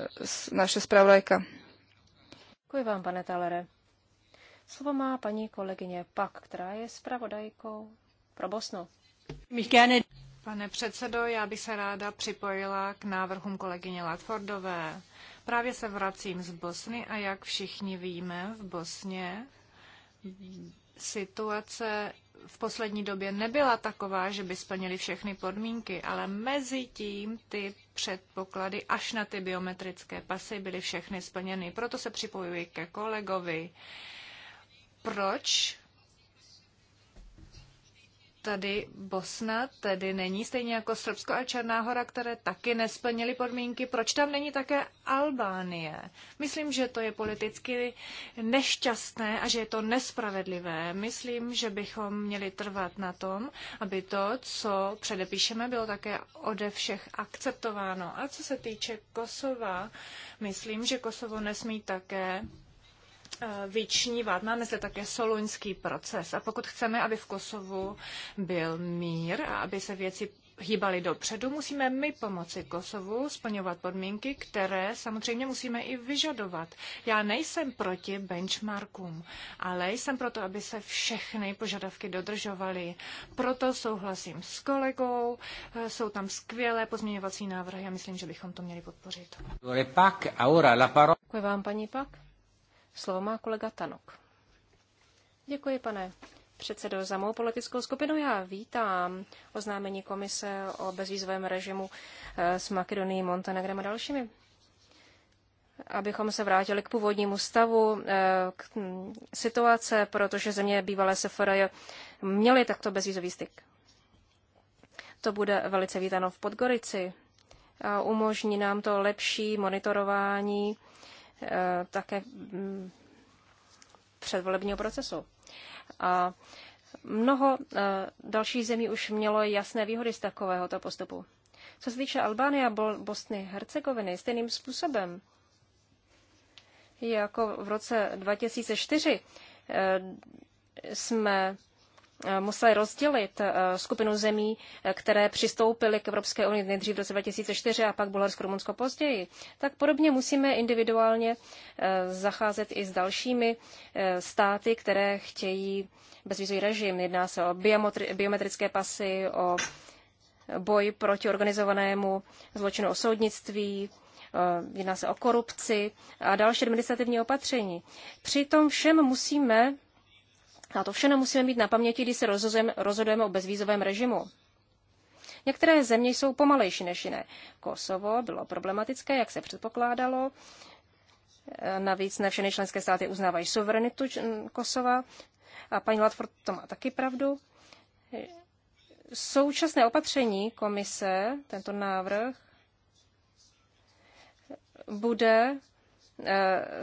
Speaker 3: naše zpravodajka.
Speaker 2: Děkuji vám, pane Talere.
Speaker 1: Slovo má paní kolegyně Pak, která je zpravodajkou pro Bosnu. Pane předsedo, já bych se ráda připojila k návrhům kolegyně Latfordové. Právě se vracím z Bosny a jak všichni víme, v Bosně situace v poslední době nebyla taková, že by splnili všechny podmínky, ale mezi tím ty předpoklady až na ty biometrické pasy byly všechny splněny. Proto se připojuji ke kolegovi. Uh, proč tady Bosna tedy není, stejně jako Srbsko a Černá hora, které taky nesplnily podmínky. Proč tam není také Albánie? Myslím, že to je politicky nešťastné a že je to nespravedlivé. Myslím, že bychom měli trvat na tom, aby to, co předepíšeme, bylo také ode všech akceptováno. A co se týče Kosova, myslím, že Kosovo nesmí také Eh, vyčnívat. Máme zde také soluňský proces a pokud chceme, aby v Kosovu byl mír a aby se věci hýbali dopředu, musíme my pomoci Kosovu splňovat podmínky, které samozřejmě musíme i vyžadovat. Já nejsem proti benchmarkům, ale jsem proto, aby se všechny požadavky dodržovaly. Proto souhlasím s kolegou, eh, jsou tam skvělé pozměňovací návrhy a myslím, že bychom to měli podpořit. Děkuji vám, paní Pak. Slovo má kolega Tanok.
Speaker 2: Děkuji, pane předsedo. Za mou politickou skupinu já vítám oznámení komise o bezvýzovém režimu eh, s Makedonií, Montenegrem a dalšími. Abychom se vrátili k původnímu stavu, eh, k hm, situace, protože země bývalé SFRJ měly takto bezvýzový styk. To bude velice vítáno v Podgorici. A umožní nám to lepší monitorování Eh, také mm, předvolebního procesu. A mnoho eh, dalších zemí už mělo jasné výhody z takovéhoto postupu. Co se týče Albánie a Bosny Hercegoviny, stejným způsobem jako v roce 2004 eh, jsme Eh, museli rozdělit eh, skupinu zemí, eh, které přistoupily k Evropské unii nejdřív v roce 2004 a pak Bulharsko, Rumunsko později, tak podobně musíme individuálně zacházet i s dalšími státy, které chtějí bezvízový režim. Jedná se o biometrické pasy, o boj proti organizovanému zločinu o soudnictví, jedná se o korupci a další administrativní opatření. Přitom všem musíme a to vše musíme mít na paměti, když se rozhodujeme o bezvízovém režimu. Některé země jsou pomalejší než jiné. Kosovo bylo problematické, jak se předpokládalo. Navíc ne všechny členské státy uznávají suverenitu Kosova. A paní Latford to má taky pravdu. Současné opatření komise, tento návrh, bude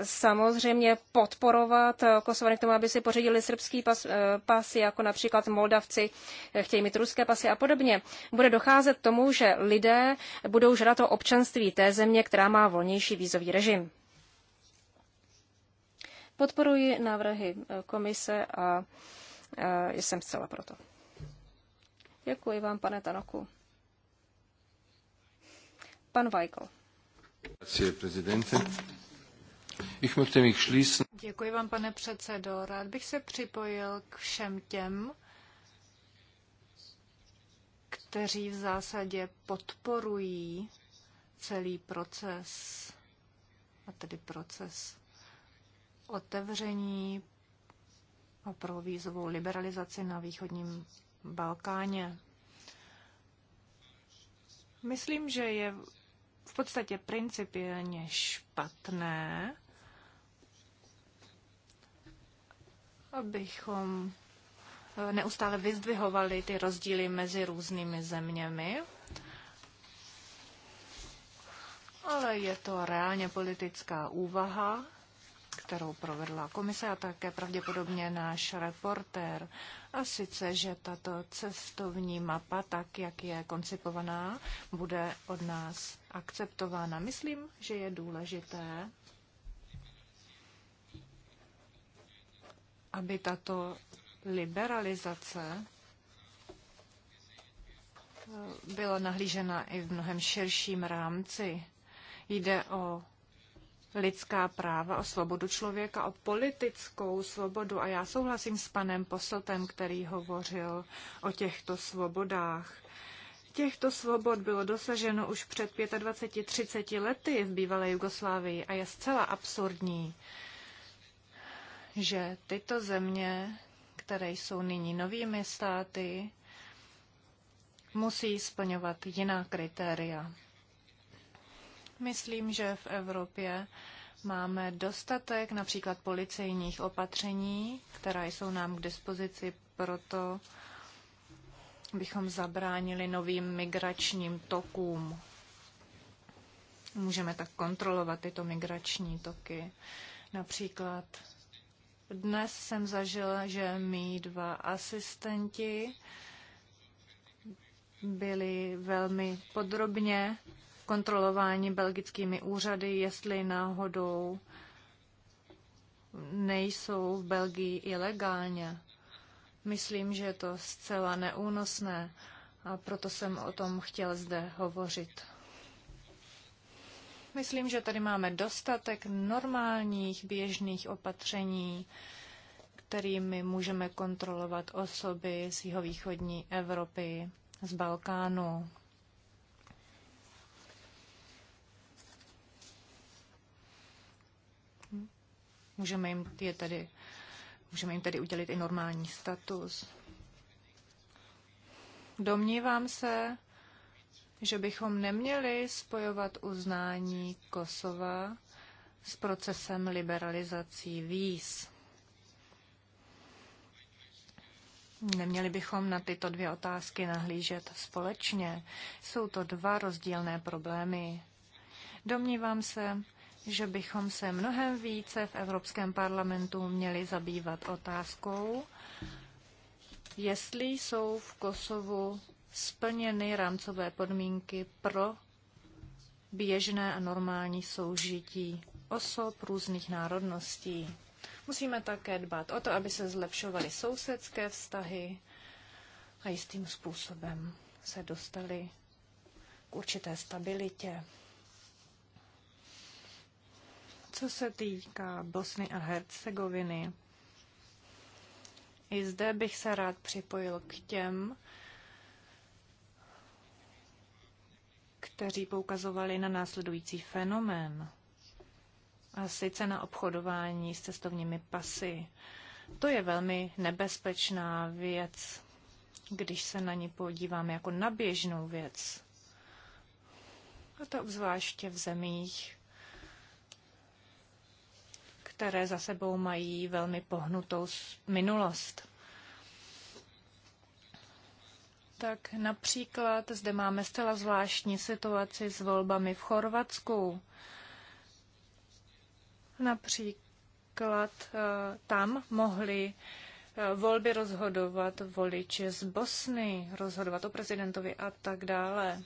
Speaker 2: samozřejmě podporovat Kosovany k tomu, aby si pořídili srbský pas, eh, pasy, jako například Moldavci chtějí mít ruské pasy a podobně. Bude docházet k tomu, že lidé budou žádat o občanství té země, která má volnější vízový režim. Podporuji návrhy eh, komise a eh, jsem zcela proto. Děkuji vám, pane Tanoku. Pan Weichel.
Speaker 1: Grazie, Ich möchte mich schließen. Děkuji vám, pane předsedo. Rád bych se připojil k všem těm, kteří v zásadě podporují celý proces, a tedy proces otevření a provízovou liberalizaci na východním Balkáně. Myslím, že je v podstatě principiálně špatné, abychom e, neustále vyzdvihovali ty rozdíly mezi různými zeměmi, ale je to reálně politická úvaha, kterou provedla komise a také pravděpodobně náš reportér. A sice, že tato cestovní mapa, tak jak je koncipovaná, bude od nás akceptována. Myslím, že je důležité, aby tato liberalizace eh, byla nahlížena i v mnohem širším rámci. Jde o lidská práva, o svobodu člověka, o politickou svobodu. A já souhlasím s panem Posotem, který hovořil o těchto svobodách. Těchto svobod bylo dosaženo už před 25-30 lety v bývalé Jugoslávii a je zcela absurdní, že tyto země, které jsou nyní novými státy, musí splňovat jiná kritéria. Myslím, že v Evropě máme dostatek například policejních opatření, která jsou nám k dispozici proto, bychom zabránili novým migračním tokům. Můžeme tak kontrolovat tyto migrační toky. Například dnes jsem zažila, že mý dva asistenti byli velmi podrobně kontrolováni belgickými úřady, jestli náhodou nejsou v Belgii ilegálně. Myslím, že je to zcela neúnosné a proto jsem o tom chtěl zde hovořit myslím, že tady máme dostatek normálních běžných opatření, kterými můžeme kontrolovat osoby z jihovýchodní Evropy, z Balkánu. Můžeme jim, je tady, můžeme jim tady udělit i normální status. Domnívám se, že bychom neměli spojovat uznání Kosova s procesem liberalizací víz. Neměli bychom na tyto dvě otázky nahlížet společně. Jsou to dva rozdílné problémy. Domnívám se, že bychom se mnohem více v Evropském parlamentu měli zabývat otázkou, jestli jsou v Kosovu splněny rámcové podmínky pro běžné a normální soužití osob různých národností. Musíme také dbát o to, aby se zlepšovaly sousedské vztahy a jistým způsobem se dostali k určité stabilitě. Co se týká Bosny a Hercegoviny, i zde bych se rád připojil k těm, kteří poukazovali na následující fenomén, a sice na obchodování s cestovními pasy. To je velmi nebezpečná věc, když se na ní podíváme jako na běžnou věc. A to obzvláště v zemích, které za sebou mají velmi pohnutou minulost tak například zde máme zcela zvláštní situaci s volbami v Chorvatsku. Například eh, tam mohli eh, volby rozhodovat voliči z Bosny, rozhodovat o prezidentovi a tak dále.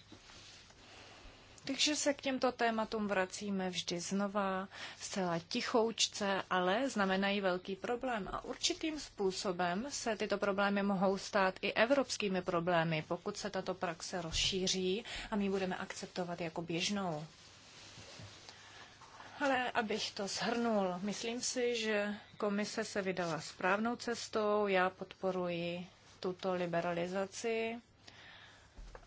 Speaker 1: Takže se k těmto tématům vracíme vždy znova, zcela tichoučce, ale znamenají velký problém. A určitým způsobem se tyto problémy mohou stát i evropskými problémy, pokud se tato praxe rozšíří a my budeme akceptovat jako běžnou. Ale abych to shrnul, myslím si, že komise se vydala správnou cestou, já podporuji tuto liberalizaci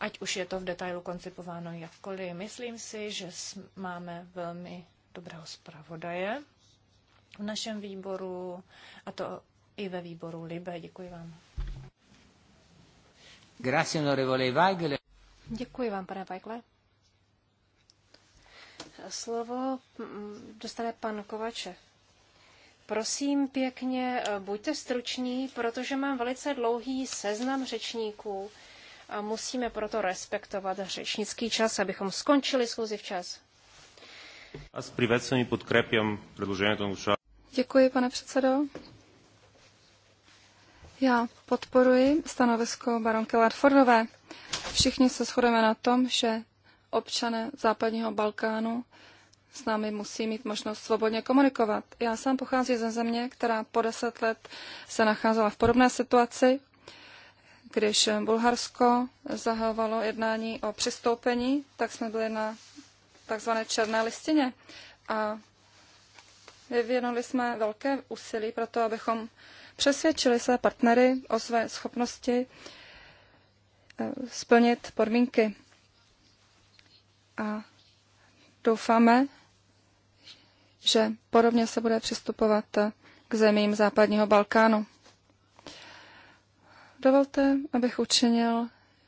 Speaker 1: ať už je to v detailu koncipováno jakkoliv. Myslím si, že máme velmi dobrého zpravodaje v našem výboru a to i ve výboru Libe. Děkuji vám.
Speaker 2: Děkuji vám, pane Weigle. Slovo dostane pan Kovače. Prosím pěkně, buďte struční, protože mám velice dlouhý seznam řečníků musíme proto respektovat řečnický čas, abychom skončili schůzi včas. S privetstvením podkrepím předložení tomu
Speaker 3: Děkuji, pane předsedo. Já podporuji stanovisko baronky Ladfordové. Všichni se shodeme na tom, že občané západního Balkánu s námi musí mít možnost svobodně komunikovat. Já sám pocházím ze země, která po deset let se nacházela v podobné situaci, když Bulharsko zahávalo jednání o přistoupení, tak jsme byli na takzvané černé listině a vyvinuli jsme velké úsilí pro to, abychom přesvědčili své partnery o své schopnosti eh, splnit podmínky. A doufáme, že podobně se bude přistupovat k zemím západního Balkánu. Dovolte, abych učinil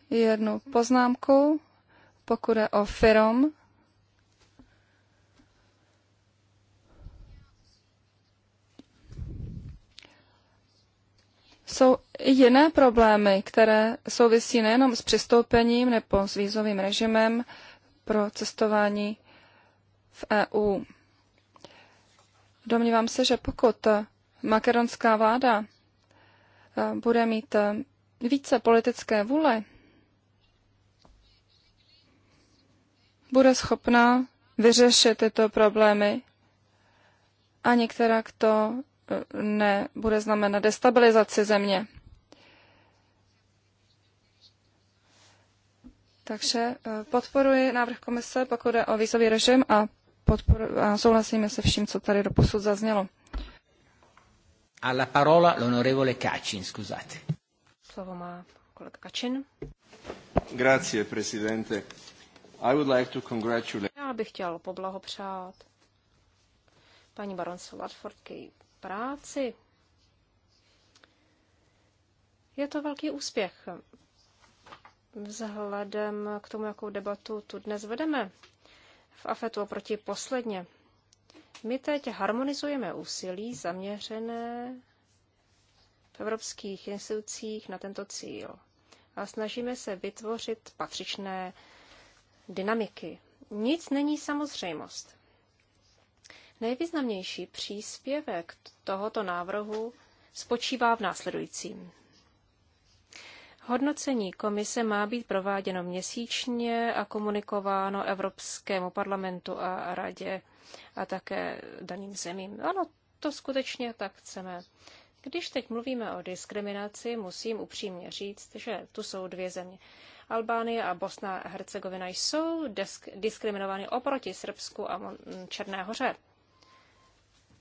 Speaker 3: jednu poznámku, pokud je o firom. Jsou i jiné problémy, které souvisí nejenom s přistoupením nebo s vízovým režimem pro cestování v EU. Domnívám se, že pokud makedonská vláda bude mít eh, více politické vůle, bude schopna vyřešit tyto problémy a některá to eh, nebude znamenat destabilizaci země. Takže eh, podporuji návrh komise, pokud jde o výzový režim a, podporu, a souhlasíme se vším, co tady do posud zaznělo
Speaker 1: alla parola l'onorevole scusate.
Speaker 2: Slovo má kolega Kacin.
Speaker 1: Grazie, presidente. I would like to congratulate...
Speaker 2: Já bych chtěl poblahopřát paní baronce Ladford k její práci. Je to velký úspěch vzhledem k tomu, jakou debatu tu dnes vedeme v AFETu oproti posledně. My teď harmonizujeme úsilí zaměřené v evropských institucích na tento cíl a snažíme se vytvořit patřičné dynamiky. Nic není samozřejmost. Nejvýznamnější příspěvek tohoto návrhu spočívá v následujícím. Hodnocení komise má být prováděno měsíčně a komunikováno Evropskému parlamentu a radě a také daným zemím. Ano, to skutečně tak chceme. Když teď mluvíme o diskriminaci, musím upřímně říct, že tu jsou dvě země. Albánie a Bosna a Hercegovina jsou diskriminovány oproti Srbsku a Černé hoře.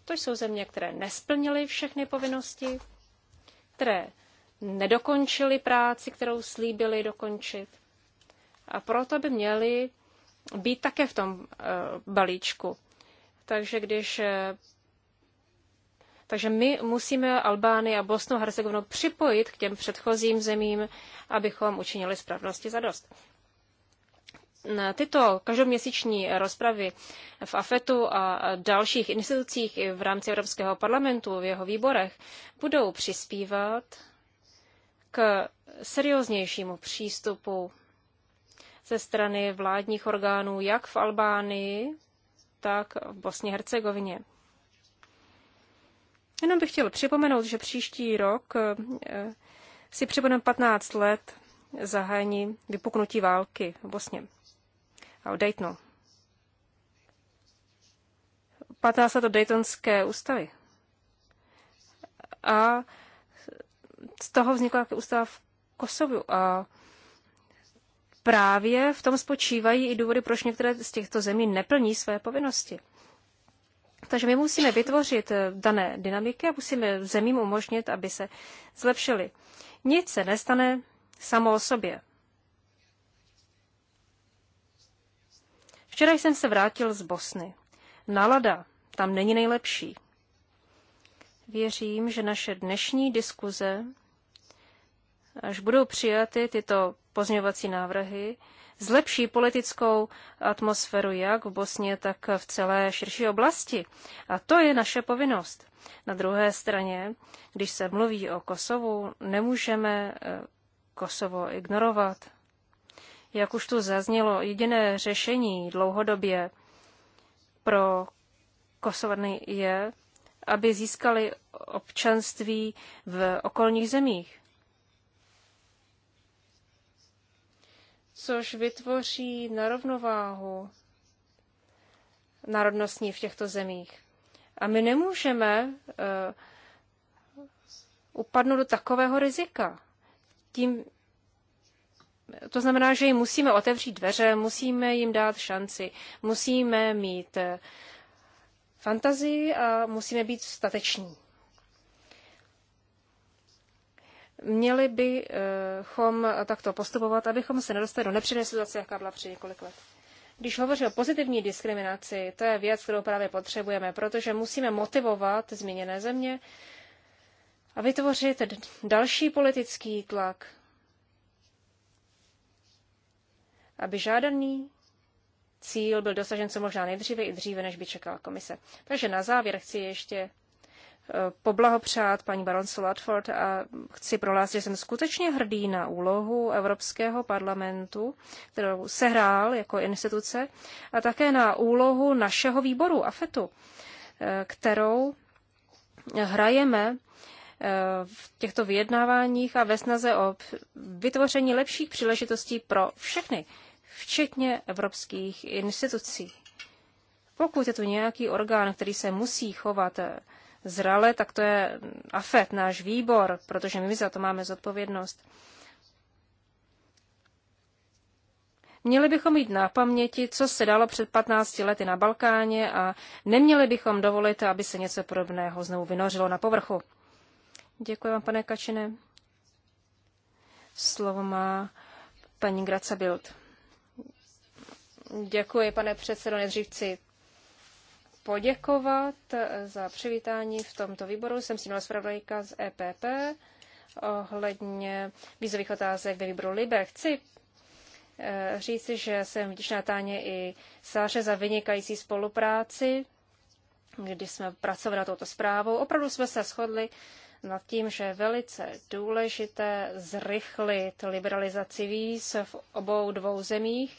Speaker 2: To jsou země, které nesplnily všechny povinnosti, které nedokončily práci, kterou slíbili dokončit. A proto by měly být také v tom eh, balíčku takže když eh, takže my musíme Albány a Bosnu a Hercegovinu připojit k těm předchozím zemím, abychom učinili spravnosti za dost. Tyto každoměsíční rozpravy v AFETu a dalších institucích i v rámci Evropského parlamentu, v jeho výborech, budou přispívat k serióznějšímu přístupu ze strany vládních orgánů jak v Albánii, tak v Bosně Hercegovině. Jenom bych chtěl připomenout, že příští rok eh, si připomeneme 15 let zahájení vypuknutí války v Bosně a o Daytonu. 15 let od Daytonské ústavy. A z toho vznikla ústava v Kosovu a právě v tom spočívají i důvody, proč některé z těchto zemí neplní své povinnosti. Takže my musíme vytvořit eh, dané dynamiky a musíme zemím umožnit, aby se zlepšily. Nic se nestane samo o sobě. Včera jsem se vrátil z Bosny. Nalada tam není nejlepší. Věřím, že naše dnešní diskuze až budou přijaty tyto pozměňovací návrhy, zlepší politickou atmosféru jak v Bosně, tak v celé širší oblasti. A to je naše povinnost. Na druhé straně, když se mluví o Kosovu, nemůžeme eh, Kosovo ignorovat. Jak už tu zaznělo, jediné řešení dlouhodobě pro Kosovany je, aby získali občanství v okolních zemích. což vytvoří narovnováhu národnostní v těchto zemích. A my nemůžeme uh, upadnout do takového rizika. Tím, to znamená, že jim musíme otevřít dveře, musíme jim dát šanci, musíme mít eh, fantazii a musíme být stateční. Měli bychom takto postupovat, abychom se nedostali do nepříjemné situace, jaká byla před několik let. Když hovoří o pozitivní diskriminaci, to je věc, kterou právě potřebujeme, protože musíme motivovat změněné země a vytvořit další politický tlak, aby žádaný cíl byl dosažen co možná nejdříve i dříve, než by čekala komise. Takže na závěr chci ještě poblahopřát paní baronce Ludford a chci prohlásit, že jsem skutečně hrdý na úlohu Evropského parlamentu, kterou sehrál jako instituce, a také na úlohu našeho výboru AFETu, eh, kterou hrajeme eh, v těchto vyjednáváních a ve snaze o vytvoření lepších příležitostí pro všechny, včetně evropských institucí. Pokud je tu nějaký orgán, který se musí chovat eh, zrale, tak to je AFET, náš výbor, protože my za to máme zodpovědnost. Měli bychom mít na paměti, co se dalo před 15 lety na Balkáně a neměli bychom dovolit, aby se něco podobného znovu vynořilo na povrchu. Děkuji vám, pane Kačine. Slovo má paní Graca Bild. Děkuji, pane předsedo. nedřív chci poděkovat eh, za přivítání v tomto výboru. Jsem stínová zpravodajka z EPP ohledně vízových otázek ve výboru Libe. Chci eh, říci, že jsem vděčná Táně i Sáře za vynikající spolupráci, když jsme pracovali na touto zprávou. Opravdu jsme se shodli nad tím, že je velice důležité zrychlit liberalizaci víz v obou dvou zemích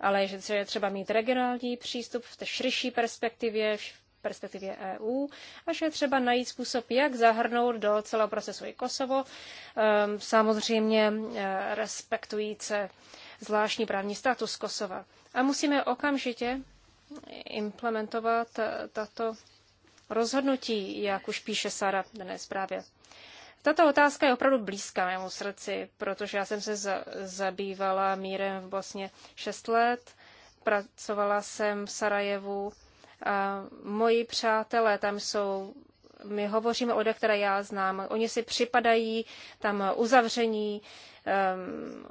Speaker 2: ale že je třeba mít regionální přístup v té širší perspektivě, v perspektivě EU a že je třeba najít způsob, jak zahrnout do celého procesu i Kosovo, ehm, samozřejmě eh, respektujíce zvláštní právní status Kosova. A musíme okamžitě implementovat eh, tato rozhodnutí, jak už píše Sara dnes právě. Tato otázka je opravdu blízká mému srdci, protože já jsem se za, zabývala mírem v Bosně 6 let, pracovala jsem v Sarajevu a moji přátelé tam jsou, my hovoříme o lidech, které já znám, oni si připadají tam uzavření, um,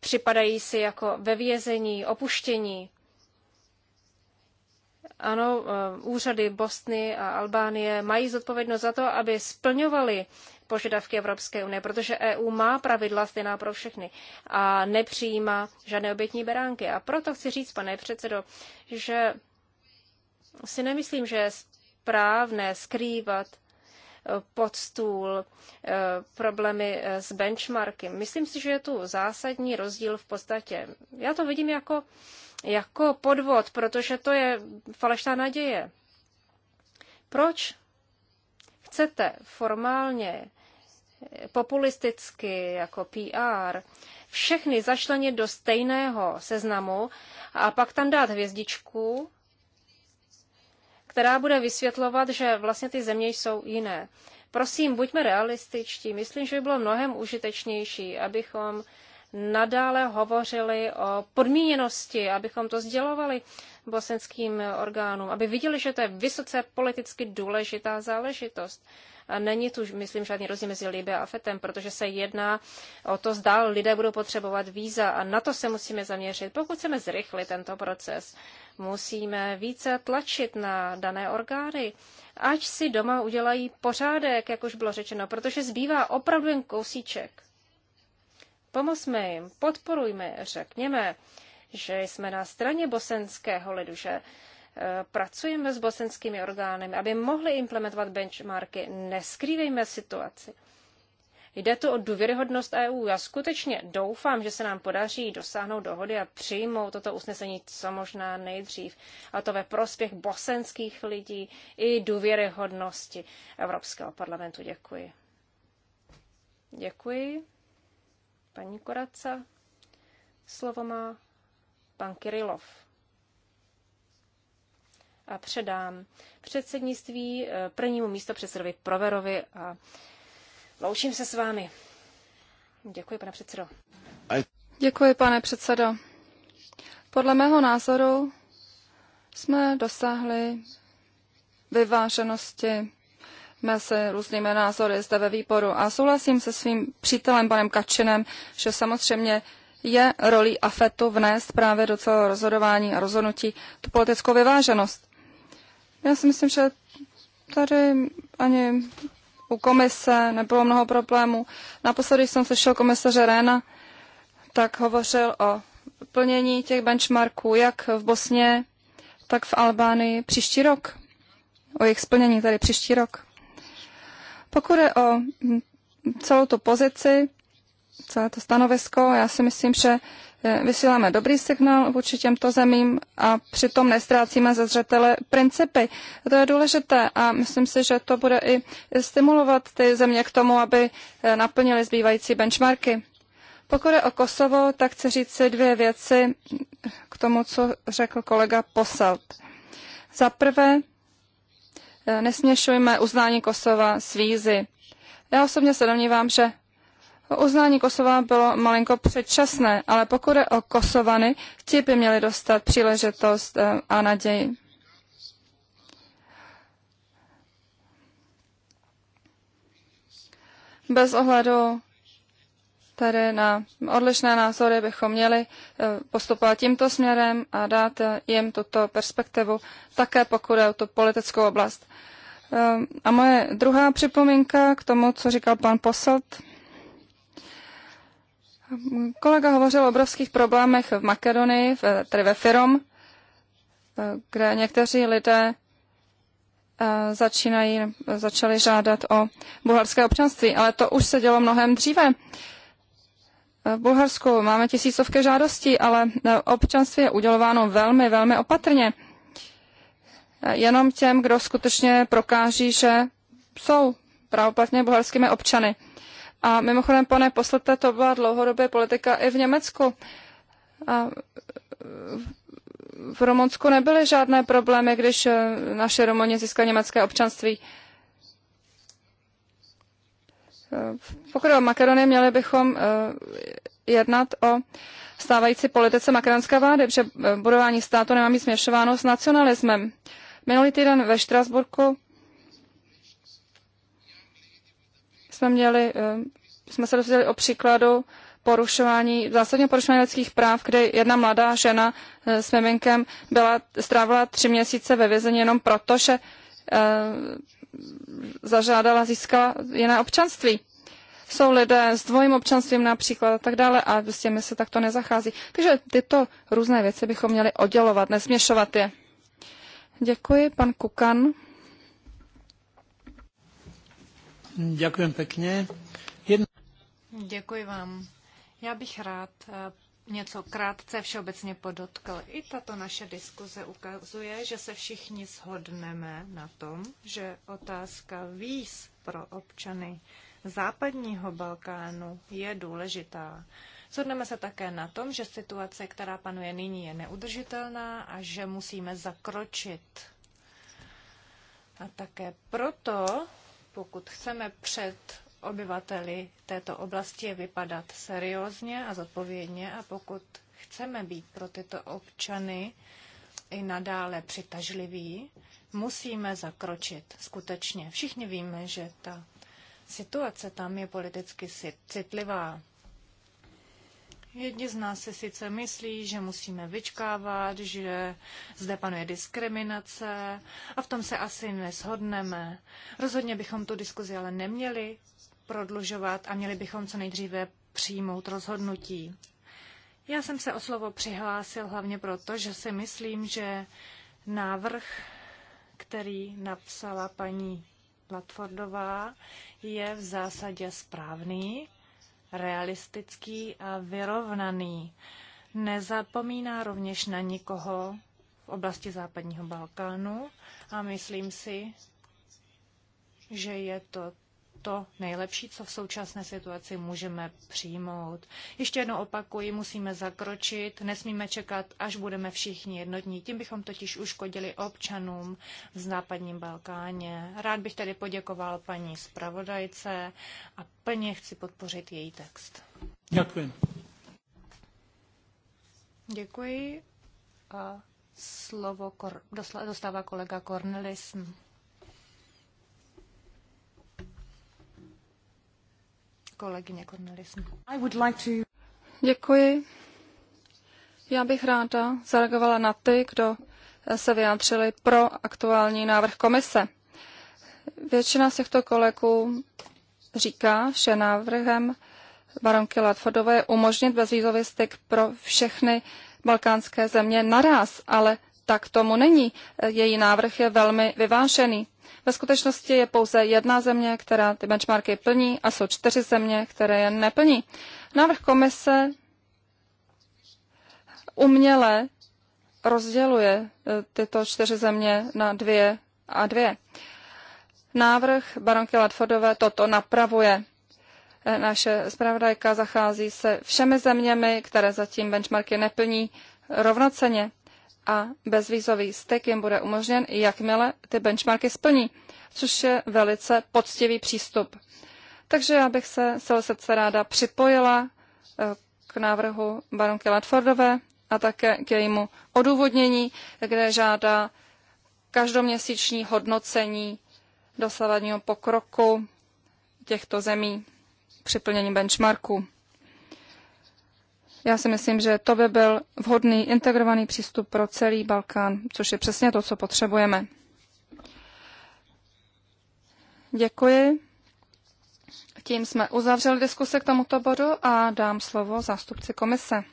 Speaker 2: připadají si jako ve vězení, opuštění. Ano, úřady Bosny a Albánie mají zodpovědnost za to, aby splňovali požadavky Evropské unie, protože EU má pravidla stejná pro všechny a nepřijímá žádné obětní beránky. A proto chci říct, pane předsedo, že si nemyslím, že je správné skrývat eh, pod stůl eh, problémy eh, s benchmarky. Myslím si, že je tu zásadní rozdíl v podstatě. Já to vidím jako, jako podvod, protože to je falešná naděje. Proč chcete formálně populisticky, jako PR, všechny zašlenit do stejného seznamu a pak tam dát hvězdičku, která bude vysvětlovat, že vlastně ty země jsou jiné. Prosím, buďme realističtí. Myslím, že by bylo mnohem užitečnější, abychom nadále hovořili o podmíněnosti, abychom to sdělovali bosenským orgánům, aby viděli, že to je vysoce politicky důležitá záležitost není tu, myslím, žádný rozdíl mezi Libě a FETem, protože se jedná o to, zda lidé budou potřebovat víza a na to se musíme zaměřit. Pokud chceme zrychlit tento proces, musíme více tlačit na dané orgány, ať si doma udělají pořádek, jak už bylo řečeno, protože zbývá opravdu jen kousíček. Pomozme jim, podporujme, řekněme, že jsme na straně bosenského lidu, že pracujeme s bosenskými orgány, aby mohli implementovat benchmarky. Neskrývejme situaci. Jde tu o důvěryhodnost EU. Já skutečně doufám, že se nám podaří dosáhnout dohody a přijmout toto usnesení co možná nejdřív. A to ve prospěch bosenských lidí i důvěryhodnosti Evropského parlamentu. Děkuji. Děkuji. Paní Koraca. Slovo má pan Kirilov a předám předsednictví eh, prvnímu místo Proverovi a loučím se s vámi. Děkuji, pane předsedo.
Speaker 3: Děkuji, pane předsedo. Podle mého názoru jsme dosáhli vyváženosti mezi různými názory zde ve výboru a souhlasím se svým přítelem panem Kačinem, že samozřejmě je rolí AFETu vnést právě do celého rozhodování a rozhodnutí tu politickou vyváženost. Já si myslím, že tady ani u komise nebylo mnoho problémů. Naposledy, jsem slyšel komisaře Réna, tak hovořil o plnění těch benchmarků jak v Bosně, tak v Albánii příští rok. O jejich splnění tady příští rok. Pokud je o celou tu pozici, celé to stanovisko, já si myslím, že Eh, vysíláme dobrý signál vůči těmto zemím a přitom nestrácíme ze zřetele principy. To je důležité a myslím si, že to bude i stimulovat ty země k tomu, aby eh, naplnili zbývající benchmarky. Pokud je o Kosovo, tak chci říct si dvě věci k tomu, co řekl kolega Posalt. Za prvé, eh, nesměšujme uznání Kosova s vízy. Já osobně se domnívám, že Uznání Kosova bylo malinko předčasné, ale pokud je o Kosovany, ti by měli dostat příležitost eh, a naději. Bez ohledu tady na odlišné názory bychom měli eh, postupovat tímto směrem a dát eh, jim tuto perspektivu, také pokud je o tu politickou oblast. A moje druhá připomínka k tomu, co říkal pan Poslt, Kolega hovořil o obrovských problémech v Makedonii, tedy ve Firom, eh, kde někteří lidé eh, začínají, začali žádat o bulharské občanství, ale to už se dělo mnohem dříve. Eh, v Bulharsku máme tisícovky žádostí, ale občanství je udělováno velmi, velmi opatrně. Jenom těm, kdo skutečně prokáží, že jsou pravoplatně bulharskými občany. A mimochodem, pane poslete, to byla dlouhodobě politika i v Německu. A v Rumunsku nebyly žádné problémy, když eh, naše Rumuni získali německé občanství. Eh, Pokud o Makedonii, měli bychom eh, jednat o stávající politice makedonské vlády, protože budování státu nemá být směšováno s nacionalismem. Minulý týden ve Štrasburku jsme měli, eh, jsme se dozvěděli o příkladu porušování, zásadně porušování lidských práv, kde jedna mladá žena eh, s miminkem byla, strávila tři měsíce ve vězení jenom proto, že eh, zažádala, získala jiné občanství. Jsou lidé s dvojím občanstvím například a tak dále a s těmi se takto nezachází. Takže tyto různé věci bychom měli oddělovat, nesměšovat je. Děkuji, pan Kukan. Děkuji Jedna...
Speaker 1: Děkuji vám. Já bych rád eh, něco krátce všeobecně podotkl. I tato naše diskuze ukazuje, že se všichni shodneme na tom, že otázka víz pro občany západního Balkánu je důležitá. Shodneme se také na tom, že situace, která panuje nyní, je neudržitelná a že musíme zakročit. A také proto pokud chceme před obyvateli této oblasti vypadat seriózně a zodpovědně a pokud chceme být pro tyto občany i nadále přitažliví, musíme zakročit skutečně. Všichni víme, že ta situace tam je politicky citlivá. Jedni z nás si sice myslí, že musíme vyčkávat, že zde panuje diskriminace a v tom se asi neshodneme. Rozhodně bychom tu diskuzi ale neměli prodlužovat a měli bychom co nejdříve přijmout rozhodnutí. Já jsem se o slovo přihlásil hlavně proto, že si myslím, že návrh, který napsala paní Platfordová, je v zásadě správný realistický a vyrovnaný. Nezapomíná rovněž na nikoho v oblasti západního Balkánu a myslím si, že je to to nejlepší, co v současné situaci můžeme přijmout. Ještě jednou opakuji, musíme zakročit, nesmíme čekat, až budeme všichni jednotní. Tím bychom totiž uškodili občanům v západním Balkáně. Rád bych tedy poděkoval paní zpravodajce a plně chci podpořit její text. Děkuji. Děkuji. A slovo dostává kolega Cornelis. kolegyně Cornelison.
Speaker 3: Děkuji. Já bych ráda zareagovala na ty, kdo eh, se vyjádřili pro aktuální návrh komise. Většina z těchto kolegů říká, že návrhem baronky Latfordové umožnit bezvýzový styk pro všechny balkánské země naraz, ale tak tomu není. Její návrh je velmi vyvážený. Ve skutečnosti je pouze jedna země, která ty benchmarky plní a jsou čtyři země, které je neplní. Návrh komise uměle rozděluje eh, tyto čtyři země na dvě a dvě. Návrh baronky Latfordové toto napravuje. Eh, naše zpravodajka zachází se všemi zeměmi, které zatím benchmarky neplní rovnoceně a bezvízový styk jim bude umožněn, jakmile ty benchmarky splní, což je velice poctivý přístup. Takže já bych se celé srdce ráda připojila eh, k návrhu baronky Latfordové a také k jejímu odůvodnění, kde žádá každoměsíční hodnocení dosavadního pokroku těchto zemí při plnění benchmarku. Já si myslím, že to by byl vhodný integrovaný přístup pro celý Balkán, což je přesně to, co potřebujeme. Děkuji. Tím jsme uzavřeli diskuse k tomuto bodu a dám slovo zástupci komise.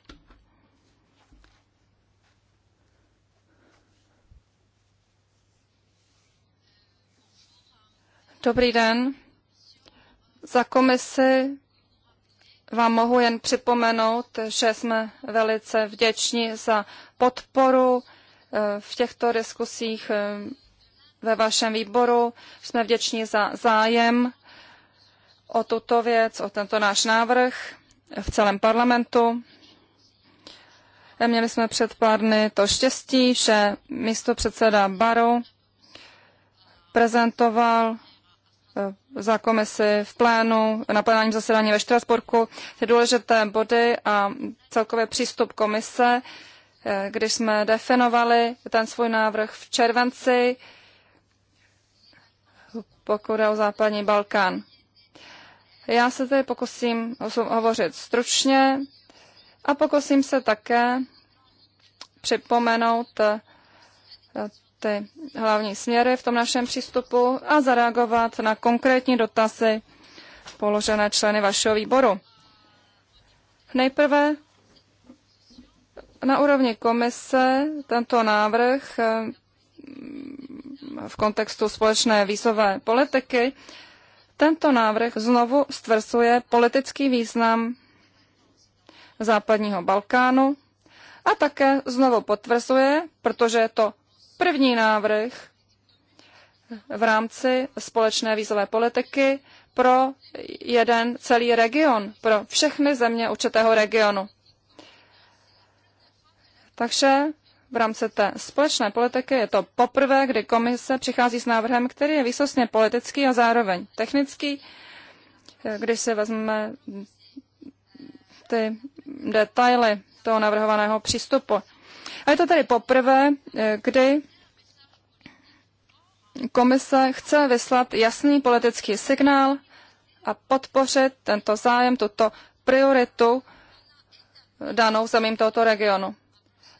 Speaker 3: Dobrý den. Za komisi vám mohu jen připomenout, že jsme velice vděční za podporu eh, v těchto diskusích eh, ve vašem výboru. Jsme vděční za zájem o tuto věc, o tento náš návrh v celém parlamentu. Eh, měli jsme před pár dny to štěstí, že místo předseda Baro prezentoval Eh, za komisi v plénu, na plénárním zasedání ve Štrasburku, ty důležité body a celkově přístup komise, eh, když jsme definovali ten svůj návrh v červenci, pokud je o západní Balkán. Já se tedy pokusím hovořit stručně a pokusím se také připomenout eh, ty hlavní směry v tom našem přístupu a zareagovat na konkrétní dotazy položené členy vašeho výboru. Nejprve na úrovni komise tento návrh eh, v kontextu společné výzové politiky, tento návrh znovu stvrzuje politický význam západního Balkánu a také znovu potvrzuje, protože je to První návrh v rámci společné vízové politiky pro jeden celý region, pro všechny země určitého regionu. Takže v rámci té společné politiky je to poprvé, kdy komise přichází s návrhem, který je výsostně politický a zároveň technický, když se vezmeme ty detaily toho navrhovaného přístupu. A je to tedy poprvé, eh, kdy komise chce vyslat jasný politický signál a podpořit tento zájem, tuto prioritu danou zemím tohoto regionu.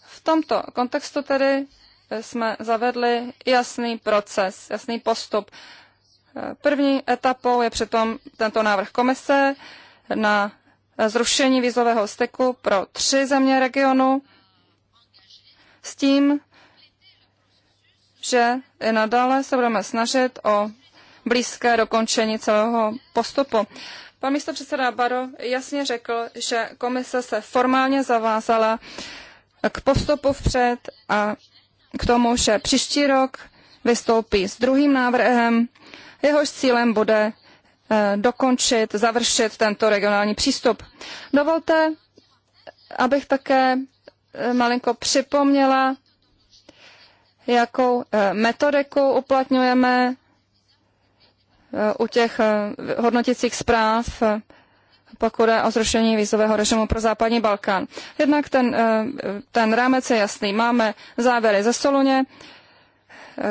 Speaker 3: V tomto kontextu tedy eh, jsme zavedli jasný proces, jasný postup. Eh, první etapou je přitom tento návrh komise na zrušení vízového styku pro tři země regionu, s tím, že i nadále se budeme snažit o blízké dokončení celého postupu. Pan místo předseda Baro jasně řekl, že komise se formálně zavázala k postupu vpřed a k tomu, že příští rok vystoupí s druhým návrhem. Jehož cílem bude eh, dokončit, završit tento regionální přístup. Dovolte, abych také Eh, malinko připomněla, jakou eh, metodiku uplatňujeme eh, u těch hodnotících zpráv, pokud je o zrušení vízového režimu pro západní Balkán. Jednak ten, ten rámec je jasný. Máme závěry ze Soluně,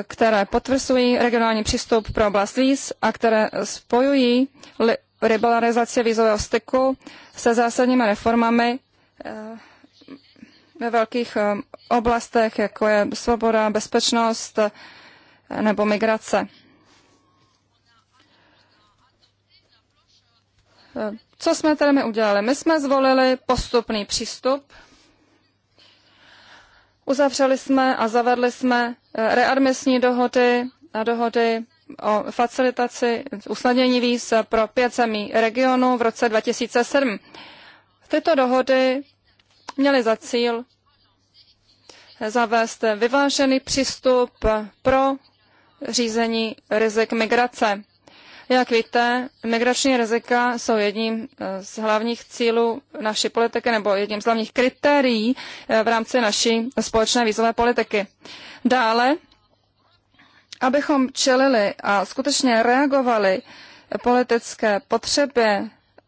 Speaker 3: které potvrzují regionální přístup pro oblast víz a které spojují liberalizaci vízového styku se zásadními reformami ve velkých eh, oblastech, jako je svoboda, bezpečnost eh, nebo migrace. Eh, co jsme tedy my udělali? My jsme zvolili postupný přístup. Uzavřeli jsme a zavedli jsme readmisní dohody a dohody o facilitaci usnadnění víz pro pět zemí regionu v roce 2007. Tyto dohody měly za cíl zavést vyvážený přístup pro řízení rizik migrace. Jak víte, migrační rizika jsou jedním z hlavních cílů naší politiky nebo jedním z hlavních kritérií v rámci naší společné vízové politiky. Dále, abychom čelili a skutečně reagovali politické potřeby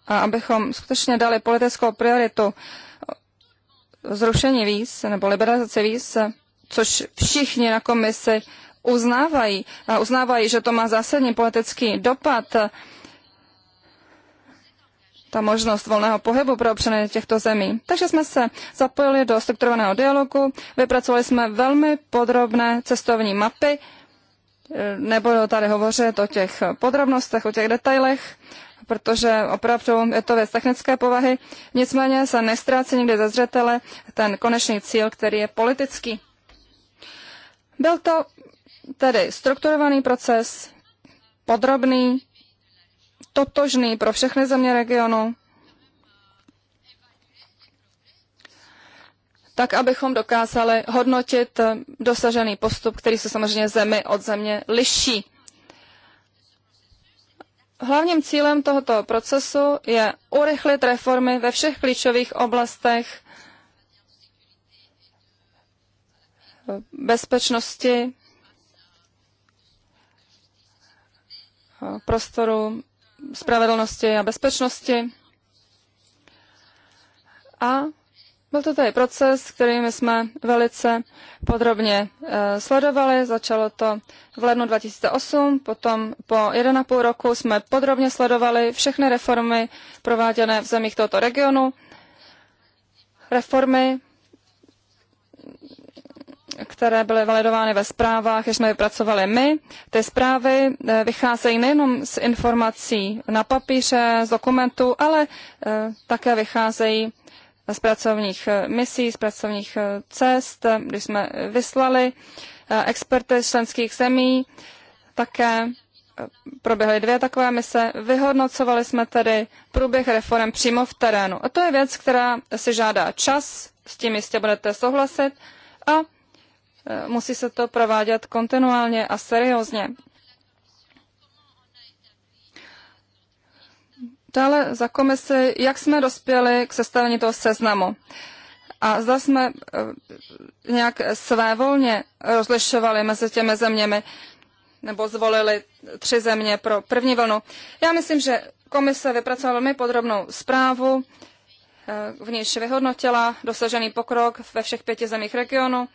Speaker 3: a abychom skutečně dali politickou prioritu zrušení víz nebo liberalizace víz, což všichni na komisi uznávají, a uznávají, že to má zásadní politický dopad, ta možnost volného pohybu pro občany těchto zemí. Takže jsme se zapojili do strukturovaného dialogu, vypracovali jsme velmi podrobné cestovní mapy, e, nebudu tady hovořit o těch podrobnostech, o těch detailech, protože opravdu je to věc technické povahy. Nicméně se nestrácí nikdy ze zřetele ten konečný cíl, který je politický. Byl to tedy strukturovaný proces, podrobný, totožný pro všechny země regionu, tak abychom dokázali hodnotit dosažený postup, který se samozřejmě zemi od země liší. Hlavním cílem tohoto procesu je urychlit reformy ve všech klíčových oblastech bezpečnosti, prostoru spravedlnosti a bezpečnosti a byl to tedy proces, který my jsme velice podrobně eh, sledovali. Začalo to v lednu 2008, potom po 1,5 roku jsme podrobně sledovali všechny reformy prováděné v zemích tohoto regionu. Reformy, které byly validovány ve zprávách, jež jsme vypracovali my. Ty zprávy eh, vycházejí nejenom z informací na papíře, z dokumentů, ale eh, také vycházejí z pracovních eh, misí, z pracovních eh, cest, eh, když jsme vyslali experty z členských zemí, také proběhly dvě takové mise. Vyhodnocovali jsme tedy průběh reform přímo v terénu. A to je věc, která si žádá čas, s tím jistě budete souhlasit a musí se to provádět kontinuálně a seriózně. Dále za komisi, jak jsme dospěli k sestavení toho seznamu. A zda jsme eh, nějak svévolně rozlišovali mezi těmi zeměmi, nebo zvolili tři země pro první vlnu. Já myslím, že komise vypracovala velmi podrobnou zprávu, eh, v níž vyhodnotila dosažený pokrok ve všech pěti zemích regionu.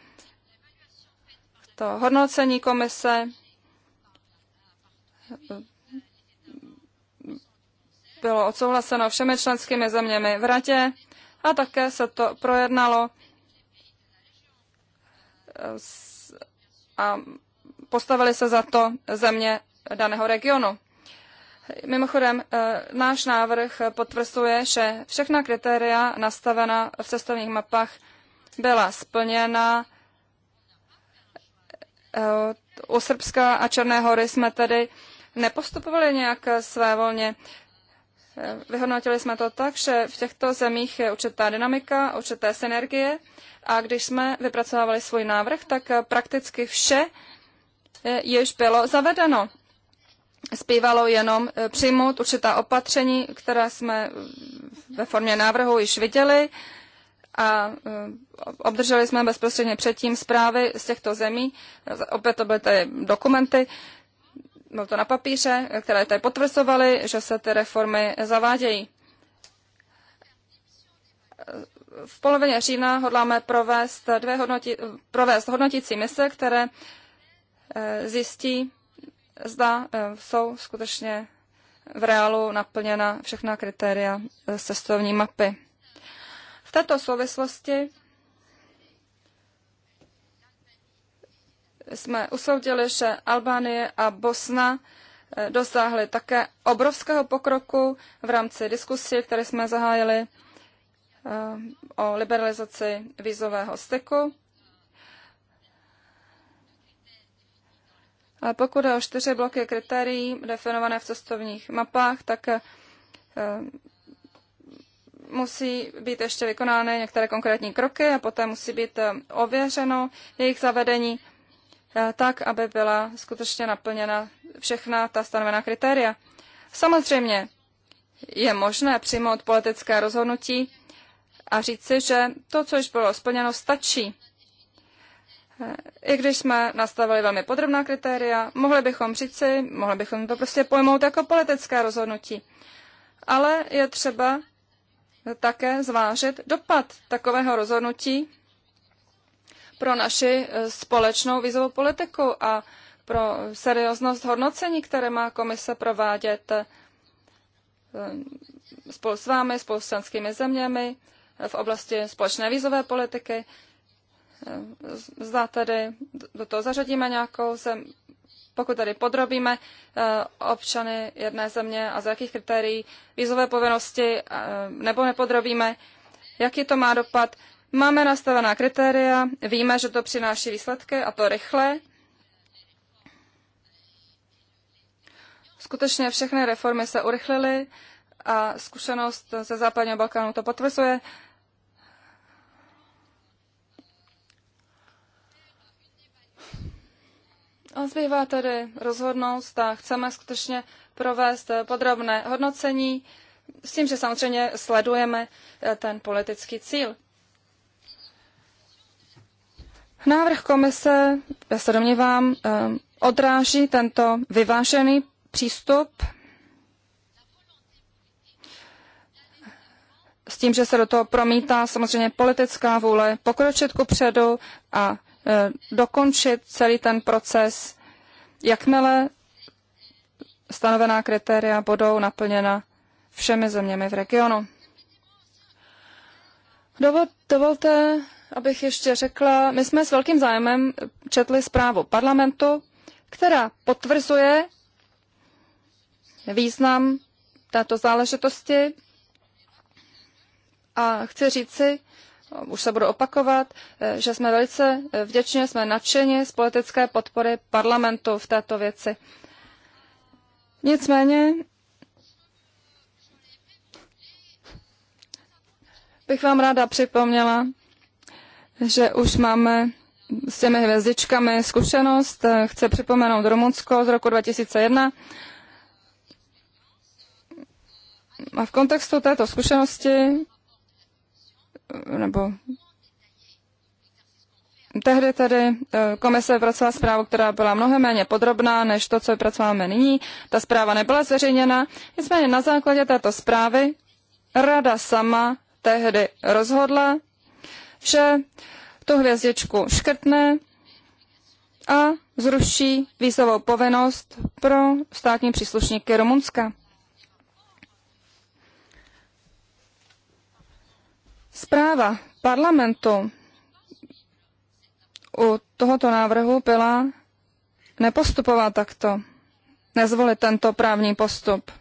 Speaker 3: To hodnocení komise bylo odsouhlaseno všemi členskými zeměmi v Radě a také se to projednalo eh, a postavili se za to země daného regionu. Mimochodem, eh, náš návrh potvrzuje, že všechna kritéria nastavena v cestovních mapách byla splněna. Eh, u Srbska a Černé hory jsme tedy nepostupovali nějak volně. Vyhodnotili jsme to tak, že v těchto zemích je určitá dynamika, určité synergie a když jsme vypracovávali svůj návrh, tak prakticky vše eh, již bylo zavedeno. Zpívalo jenom eh, přijmout určitá opatření, která jsme eh, ve formě návrhu již viděli a obdrželi jsme bezprostředně předtím zprávy z těchto zemí. Opět to byly ty dokumenty, bylo to na papíře, které tady potvrzovaly, že se ty reformy zavádějí. V polovině října hodláme provést, dvě hodnoti, provést hodnotící mise, které eh, zjistí, zda eh, jsou skutečně v reálu naplněna všechna kritéria z eh, cestovní mapy. V této souvislosti jsme usoudili, že Albánie a Bosna eh, dosáhly také obrovského pokroku v rámci diskusí, které jsme zahájili eh, o liberalizaci vízového styku. Ale pokud je o čtyři bloky kritérií definované v cestovních mapách, tak eh, musí být ještě vykonány některé konkrétní kroky a poté musí být ověřeno jejich zavedení Eh, tak, aby byla skutečně naplněna všechna ta stanovená kritéria. Samozřejmě je možné přijmout politické rozhodnutí a říci, že to, co již bylo splněno, stačí. Eh, I když jsme nastavili velmi podrobná kritéria, mohli bychom říci, mohli bychom to prostě pojmout jako politické rozhodnutí. Ale je třeba také zvážit dopad takového rozhodnutí pro naši eh, společnou vízovou politiku a pro serióznost hodnocení, které má komise provádět eh, spolu s vámi, spolu s členskými zeměmi eh, v oblasti společné vízové politiky. Zda tedy do toho zařadíme nějakou zem, pokud tady podrobíme občany jedné země a z jakých kritérií vízové povinnosti nebo nepodrobíme, jaký to má dopad Máme nastavená kritéria, víme, že to přináší výsledky a to rychle. Skutečně všechny reformy se urychlily a zkušenost ze západního Balkánu to potvrzuje. A zbývá tedy rozhodnost a chceme skutečně provést podrobné hodnocení s tím, že samozřejmě sledujeme ten politický cíl. Návrh komise, já se domnívám, eh, odráží tento vyvážený přístup s tím, že se do toho promítá samozřejmě politická vůle pokročit ku předu a eh, dokončit celý ten proces, jakmile stanovená kritéria budou naplněna všemi zeměmi v regionu. Dovolte, abych ještě řekla, my jsme s velkým zájmem četli zprávu parlamentu, která potvrzuje význam této záležitosti. A chci říci, už se budu opakovat, že jsme velice vděční, jsme nadšeni z politické podpory parlamentu v této věci. Nicméně bych vám ráda připomněla, že už máme s těmi hvězdičkami zkušenost. Chci připomenout Rumunsko z roku 2001. A v kontextu této zkušenosti, nebo tehdy tedy eh, komise pracovala zprávu, která byla mnohem méně podrobná než to, co pracováme nyní. Ta zpráva nebyla zveřejněna, nicméně na základě této zprávy rada sama tehdy rozhodla, že tu hvězdičku škrtne a zruší výzovou povinnost pro státní příslušníky Rumunska. Zpráva parlamentu u tohoto návrhu byla nepostupovat takto, nezvolit tento právní postup.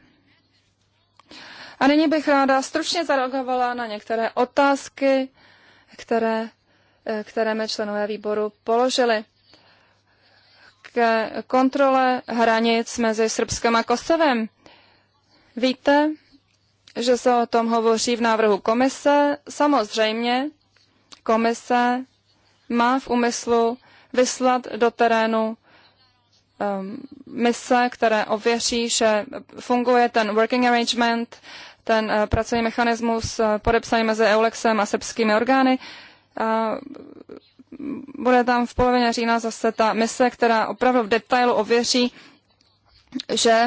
Speaker 3: A nyní bych ráda stručně zareagovala na některé otázky, které, eh, které mé členové výboru položili k kontrole hranic mezi Srbskem a Kosovem. Víte, že se o tom hovoří v návrhu komise. Samozřejmě komise má v úmyslu vyslat do terénu um, mise, které ověří, že funguje ten working arrangement ten eh, pracovní mechanismus eh, podepsaný mezi Eulexem a srbskými orgány. Mm, bude tam v polovině října zase ta mise, která opravdu v detailu ověří, že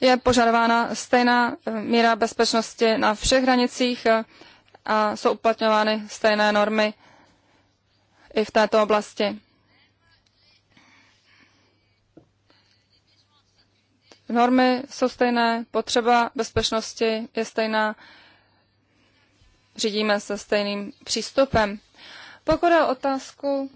Speaker 3: je požadována stejná eh, míra bezpečnosti na všech hranicích a jsou uplatňovány stejné normy i v této oblasti. Normy jsou stejné, potřeba bezpečnosti je stejná, řídíme se stejným přístupem. Pokud je otázku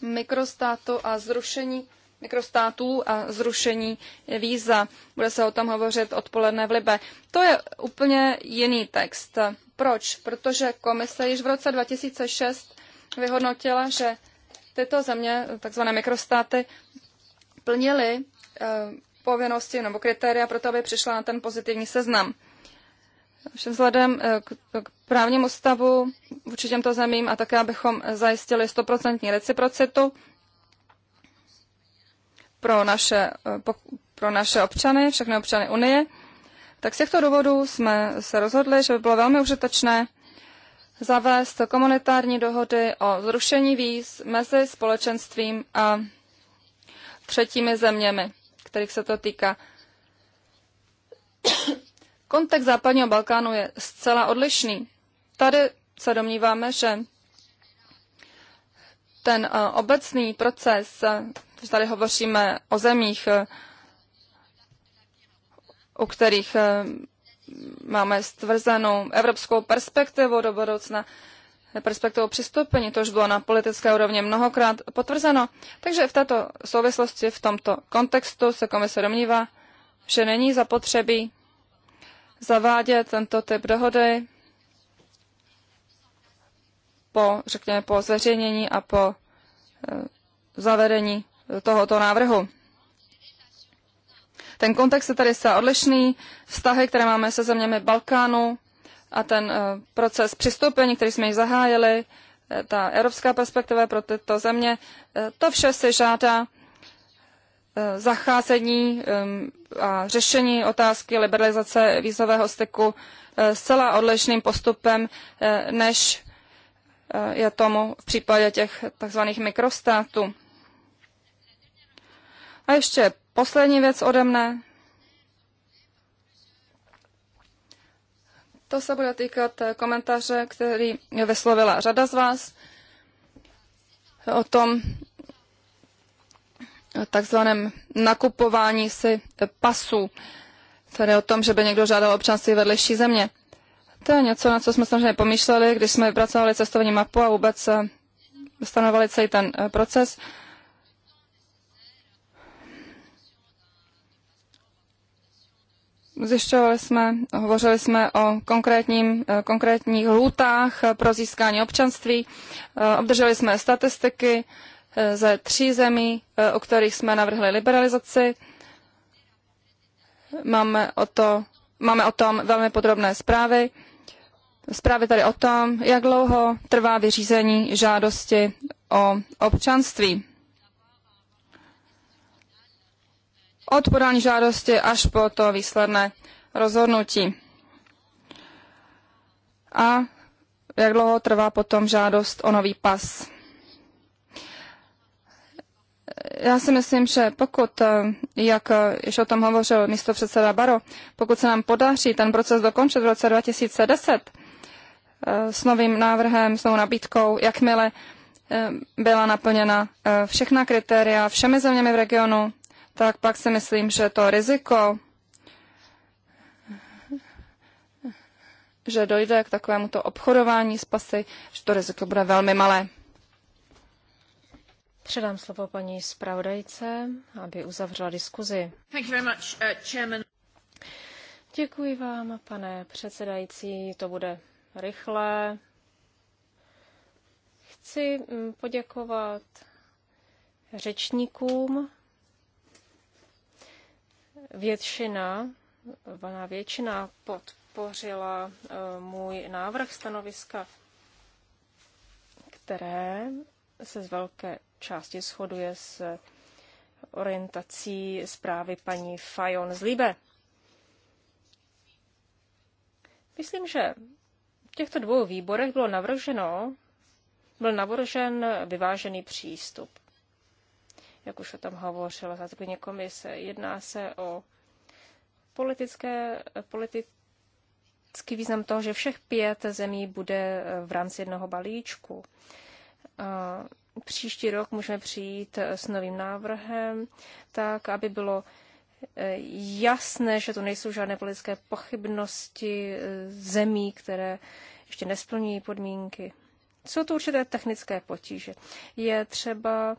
Speaker 3: mikrostátu a zrušení mikrostátů a zrušení víza. Bude se o tom hovořit odpoledne v Libe. To je úplně jiný text. Proč? Protože komise již v roce 2006 vyhodnotila, že tyto země, takzvané mikrostáty, plnili eh, povinnosti nebo kritéria pro to, aby přišla na ten pozitivní seznam. Všem vzhledem eh, k, právnímu stavu vůči těmto zemím a také, abychom eh, zajistili stoprocentní reciprocitu pro naše, pro naše občany, všechny občany Unie, tak z těchto důvodů jsme se rozhodli, že by bylo velmi užitečné zavést komunitární dohody o zrušení víz mezi společenstvím a třetími zeměmi, kterých se to týká. Kontext západního Balkánu je zcela odlišný. Tady se domníváme, že ten eh, obecný proces, když eh, tady hovoříme o zemích, eh, u kterých máme stvrzenou evropskou perspektivu do budoucna, perspektivou přistoupení. To už bylo na politické úrovni mnohokrát potvrzeno. Takže v této souvislosti, v tomto kontextu se komise domnívá, že není zapotřebí zavádět tento typ dohody po, řekněme, po zveřejnění a po e, zavedení tohoto návrhu. Ten kontext je tady se odlišný. Vztahy, které máme se zeměmi Balkánu, a ten eh, proces přistoupení, který jsme již zahájili, eh, ta evropská perspektiva pro tyto země, eh, to vše si žádá zacházení a řešení otázky liberalizace vízového styku zcela odlišným postupem, než je tomu v případě těch tzv. mikrostátů. A ještě poslední věc ode mne. To se bude týkat komentáře, který vyslovila řada z vás o tom takzvaném nakupování si pasů, tedy o tom, že by někdo žádal občanství vedlejší země. To je něco, na co jsme samozřejmě pomýšleli, když jsme vypracovali cestovní mapu a vůbec stanovali celý ten eh, proces. Zjišťovali jsme, hovořili jsme o konkrétním, eh, konkrétních lhůtách eh, pro získání občanství. Eh, obdrželi jsme statistiky ze tří zemí, o kterých jsme navrhli liberalizaci. Máme o, to, máme o tom velmi podrobné zprávy. Zprávy tady o tom, jak dlouho trvá vyřízení žádosti o občanství. od podání žádosti až po to výsledné rozhodnutí. A jak dlouho trvá potom žádost o nový pas. Já si myslím, že pokud, eh, jak již o tom hovořil místo předseda Baro, pokud se nám podaří ten proces dokončit v roce 2010 eh, s novým návrhem, s novou nabídkou, jakmile eh, byla naplněna všechna kritéria všemi zeměmi v regionu, tak pak si myslím, že to riziko, že dojde k takovému to obchodování s pasy, že to riziko bude velmi malé. Předám slovo
Speaker 2: paní zpravodajce, aby uzavřela diskuzi.
Speaker 1: Thank you very much, uh,
Speaker 2: Děkuji vám, pane předsedající, to bude rychlé. Chci mm, poděkovat řečníkům Většina, valná většina podpořila eh, můj návrh stanoviska, které se z velké části shoduje s orientací zprávy paní Fajon z Libe. Myslím, že v těchto dvou výborech bylo navrženo, byl navržen vyvážený přístup jak už o tom hovořila zástupkyně komise. Jedná se o politické, politický význam toho, že všech pět zemí bude eh, v rámci jednoho balíčku. A příští rok můžeme přijít eh, s novým návrhem, tak aby bylo eh, jasné, že to nejsou žádné politické pochybnosti zemí, které ještě nesplňují podmínky. Jsou to určité technické potíže. Je třeba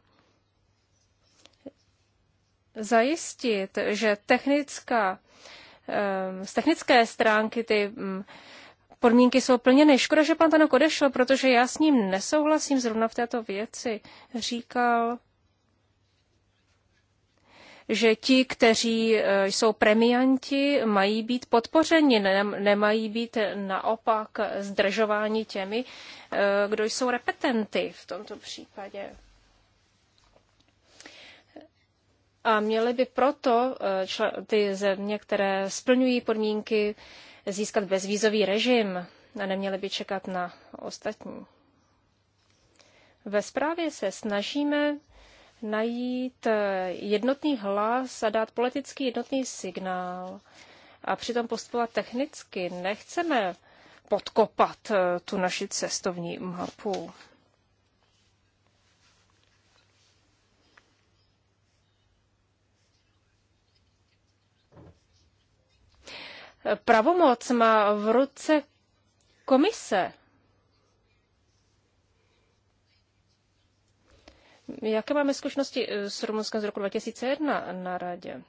Speaker 2: zajistit, že technická, ehm, z technické stránky ty mm, podmínky jsou plněny. Škoda, že pan Tanok odešel, protože já s ním nesouhlasím zrovna v této věci. Říkal, že ti, kteří eh, jsou premianti, mají být podpořeni, nemají být naopak zdržováni těmi, eh, kdo jsou repetenty v tomto případě. A měly by proto eh, ty země, které splňují podmínky, získat bezvízový režim a neměly by čekat na ostatní. Ve zprávě se snažíme najít eh, jednotný hlas a dát politicky jednotný signál a přitom postupovat technicky. Nechceme podkopat eh, tu naši cestovní mapu. pravomoc má v ruce komise. Jaké máme zkušenosti eh, s Rumunskem z roku 2001 na radě?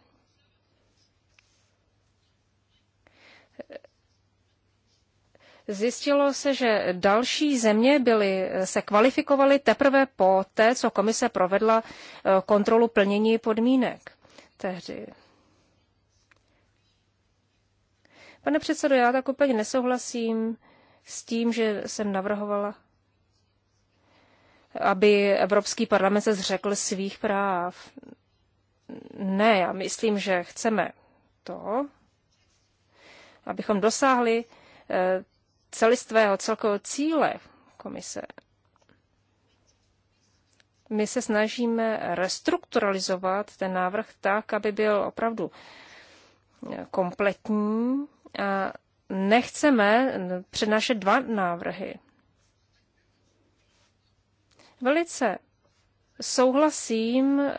Speaker 2: Zjistilo se, že další země byly, eh, se kvalifikovaly teprve po té, co komise provedla eh, kontrolu plnění podmínek tehdy. Pane předsedo, já tak úplně nesouhlasím s tím, že jsem navrhovala, aby Evropský parlament se zřekl svých práv. Ne, já myslím, že chceme to, abychom dosáhli eh, celistvého celkového cíle komise. My se snažíme restrukturalizovat ten návrh tak, aby byl opravdu eh, kompletní Eh, nechceme přednášet dva návrhy. Velice souhlasím eh,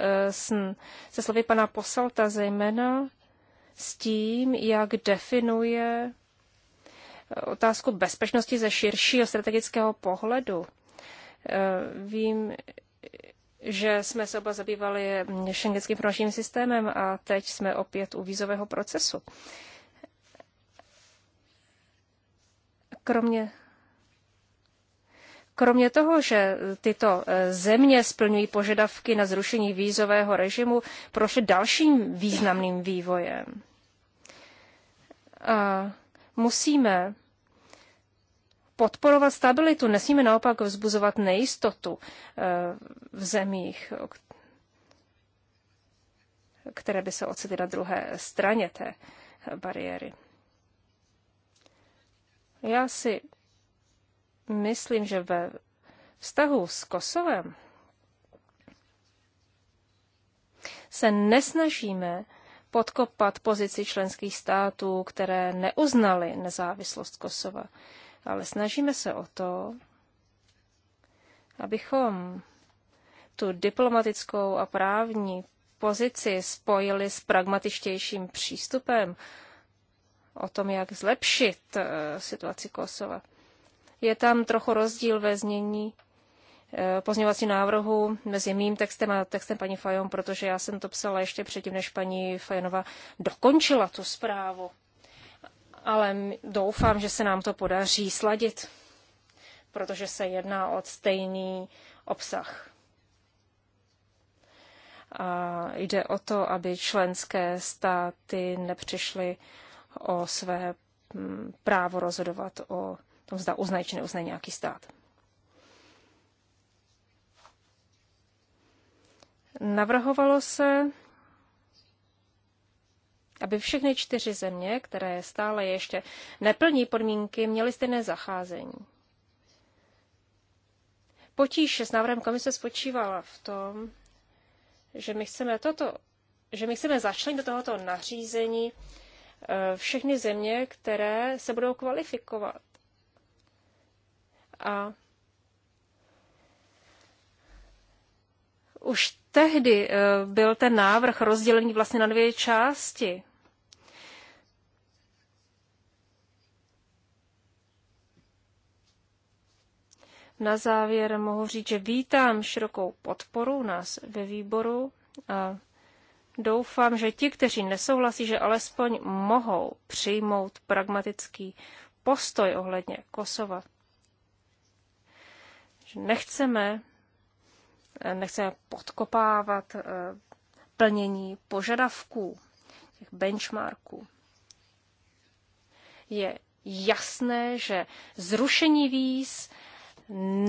Speaker 2: se slovy pana Posalta zejména s tím, jak definuje eh, otázku bezpečnosti ze širšího strategického pohledu. Vím, že jsme se oba zabývali šengenským informačním systémem a teď jsme opět u vízového procesu. Uh, Kromě Kromě toho, že tyto eh, země splňují požadavky na zrušení vízového režimu, prošly dalším významným vývojem. A musíme podporovat stabilitu, nesmíme naopak vzbuzovat nejistotu eh, v zemích, které by se ocitly na druhé straně té bariéry. Já si myslím, že ve vztahu s Kosovem se nesnažíme podkopat pozici členských států, které neuznaly nezávislost Kosova, ale snažíme se o to, abychom tu diplomatickou a právní pozici spojili s pragmatičtějším přístupem o tom, jak zlepšit eh, situaci Kosova. Je tam trochu rozdíl ve znění eh, pozměňovací návrhu mezi mým textem a textem paní Fajon, protože já jsem to psala ještě předtím, než paní Fajonova dokončila tu zprávu. Ale doufám, že se nám to podaří sladit, protože se jedná o stejný obsah. A jde o to, aby členské státy nepřišly o své mm, právo rozhodovat o tom, zda uznají či neuznají nějaký stát. Navrhovalo se, aby všechny čtyři země, které stále ještě neplní podmínky, měly stejné zacházení. Potíž s návrhem komise spočívala v tom, že my chceme, toto, že my chceme začlenit do tohoto nařízení Eh, všechny země, které se budou kvalifikovat. A už tehdy eh, byl ten návrh rozdělený vlastně na dvě části. Na závěr mohu říct, že vítám širokou podporu nás ve výboru a Doufám, že ti, kteří nesouhlasí, že alespoň mohou přijmout pragmatický postoj ohledně Kosova. Že nechceme, nechceme podkopávat eh, plnění požadavků, těch benchmarků. Je jasné, že zrušení víz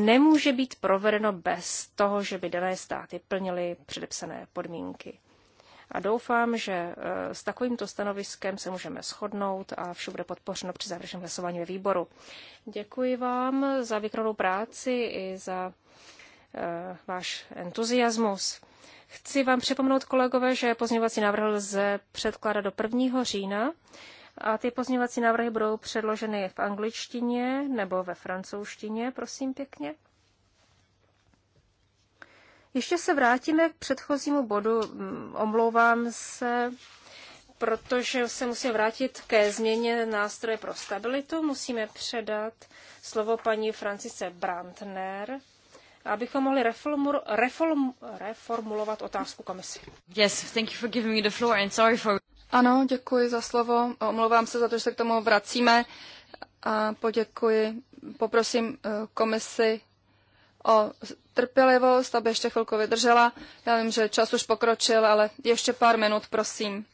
Speaker 2: nemůže být provedeno bez toho, že by dané státy plnily předepsané podmínky. A doufám, že e, s takovýmto stanoviskem se můžeme shodnout a vše bude podpořeno při závěrečném hlasování ve výboru. Děkuji vám za vykranou práci i za e, váš entuziasmus. Chci vám připomenout, kolegové, že pozměňovací návrh lze předkládat do 1. října a ty pozměňovací návrhy budou předloženy v angličtině nebo ve francouzštině, prosím pěkně. Ještě se vrátíme k předchozímu bodu. Mm, omlouvám se, protože se musím vrátit ke změně nástroje pro stabilitu. Musíme předat slovo paní Francise Brandner, abychom mohli reformu, reform, reformulovat
Speaker 3: otázku komisi. Yes, thank you for giving me the floor and sorry for... Ano, děkuji za slovo. Omlouvám se za to, že se k tomu vracíme a poděkuji. Poprosím eh, komisi o trpělivost, aby ještě chvilku vydržela. Já vím, že čas už pokročil, ale ještě pár minut, prosím.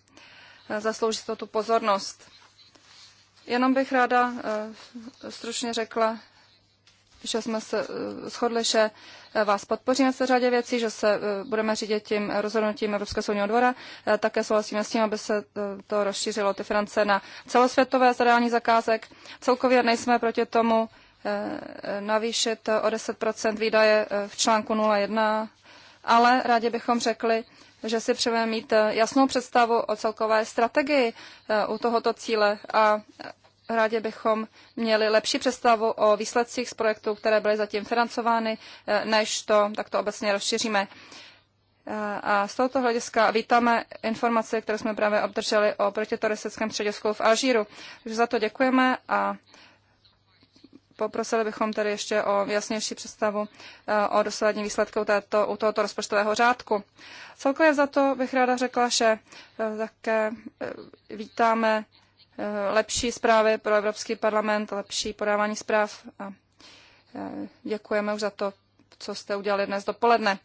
Speaker 3: Eh, Zaslouží to tu pozornost. Jenom bych ráda eh, stručně řekla, že jsme se eh, shodli, že vás podpoříme v řadě věcí, že se budeme řídit tím rozhodnutím Evropské soudního dvora. Také souhlasíme s tím, aby se to rozšířilo ty finance na celosvětové zadání zakázek. Celkově nejsme proti tomu, Eh, navýšit eh, o 10 výdaje eh, v článku 01, ale rádi bychom řekli, že si přejeme mít jasnou představu o celkové strategii u tohoto cíle a rádi bychom měli lepší představu o výsledcích z projektů, které byly zatím financovány, než to takto obecně rozšíříme. A z tohoto hlediska vítáme informace, které jsme právě obdrželi o protitoristickém středisku v Alžíru. Takže za to děkujeme a Poprosili bychom tedy ještě o jasnější představu eh, o dosavadní výsledku této, u tohoto rozpočtového řádku. Celkově za to bych ráda řekla, že eh, také eh, vítáme lepší zprávy pro Evropský parlament, lepší podávání zpráv a děkujeme už za to, co jste udělali dnes dopoledne.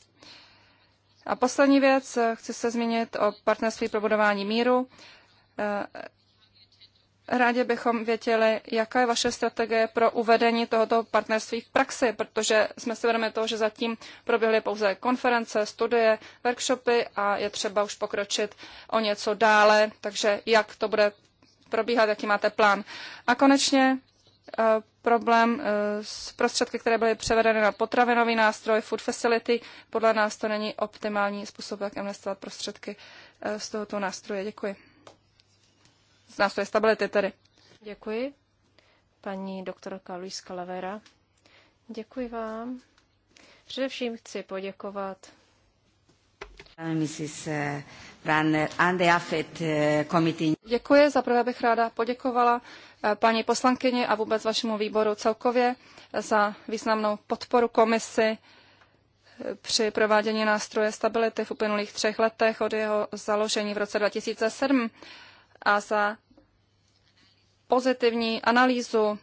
Speaker 3: A poslední věc, chci se zmínit o partnerství pro budování míru. Rádi bychom věděli, jaká je vaše strategie pro uvedení tohoto partnerství v praxi, protože jsme si vědomi toho, že zatím proběhly pouze konference, studie, workshopy a je třeba už pokročit o něco dále, takže jak to bude probíhat, jaký máte plán. A konečně eh, problém eh, s prostředky, které byly převedeny na potravinový nástroj, food facility. Podle nás to není optimální způsob, jak investovat prostředky eh, z tohoto nástroje. Děkuji z nástroje stability tedy. Děkuji. Paní doktorka Luis Calavera.
Speaker 2: Děkuji vám. Především chci poděkovat
Speaker 3: Mrs. Brunner and the committee. Děkuji. Zaprvé bych ráda poděkovala eh, paní poslankyni a vůbec vašemu výboru celkově za významnou podporu komisi eh, při provádění nástroje stability v uplynulých třech letech od jeho založení v roce 2007 a za pozitivní analýzu,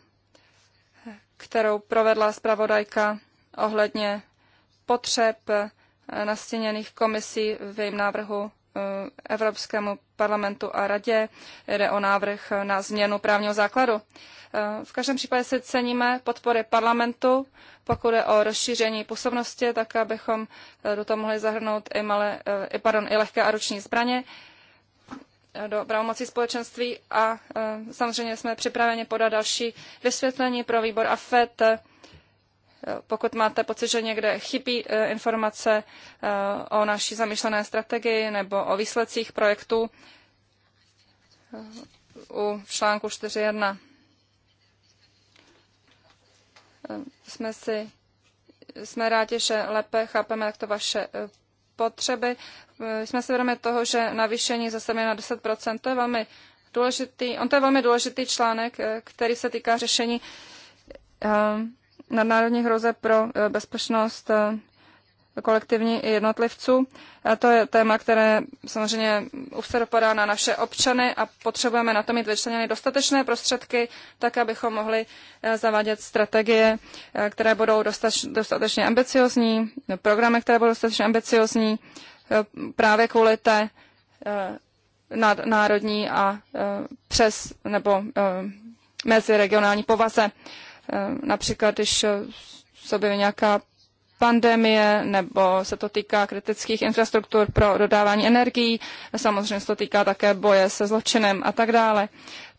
Speaker 3: kterou provedla zpravodajka ohledně potřeb nastěněných komisí v jejím návrhu eh, Evropskému parlamentu a radě. Jde o návrh na změnu právního základu. Eh, v každém případě si ceníme podpory parlamentu, pokud je o rozšíření působnosti, tak abychom eh, do toho mohli zahrnout i, malé, i, pardon, i lehké a ruční zbraně do pravomocí společenství a e, samozřejmě jsme připraveni podat další vysvětlení pro výbor AFET, e, pokud máte pocit, že někde chybí e, informace o naší zamýšlené strategii nebo o výsledcích projektu u článku 4.1. Jsme si jsme rádi, že lépe chápeme, jak to vaše potřeby. Eh, jsme si vědomi toho, že navýšení zase na 10%, to je velmi důležitý, on to je velmi důležitý článek, eh, který se týká řešení eh, nadnárodních hrozeb pro bezpečnost kolektivní i jednotlivců. A to je téma, které samozřejmě už se dopadá na naše občany a potřebujeme na to mít vyčleněny dostatečné prostředky, tak abychom mohli eh, zavádět strategie, eh, které budou dostatečně ambiciozní, programy, které budou dostatečně ambiciozní eh, právě kvůli té národní a přes nebo meziregionální povaze. Například, když sobě nějaká pandemie, nebo se to týká kritických infrastruktur pro dodávání energií, samozřejmě se to týká také boje se zločinem a tak dále.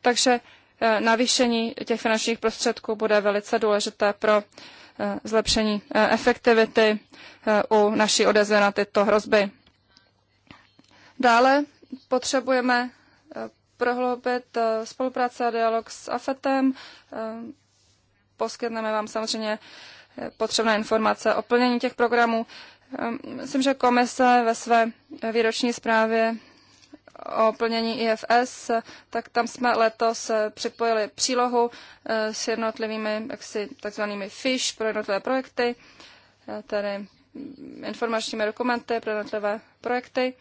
Speaker 3: Takže eh, navýšení těch finančních prostředků bude velice důležité pro eh, zlepšení eh, efektivity u naší odezvy na tyto hrozby. Dále potřebujeme prohloubit spolupráce a dialog s AFETem. Poskytneme vám samozřejmě potřebné informace o plnění těch programů. Myslím, že komise ve své výroční zprávě o plnění IFS, tak tam jsme letos připojili přílohu s jednotlivými jaksi, takzvanými FISH pro jednotlivé projekty, tedy informačními dokumenty pro jednotlivé projekty.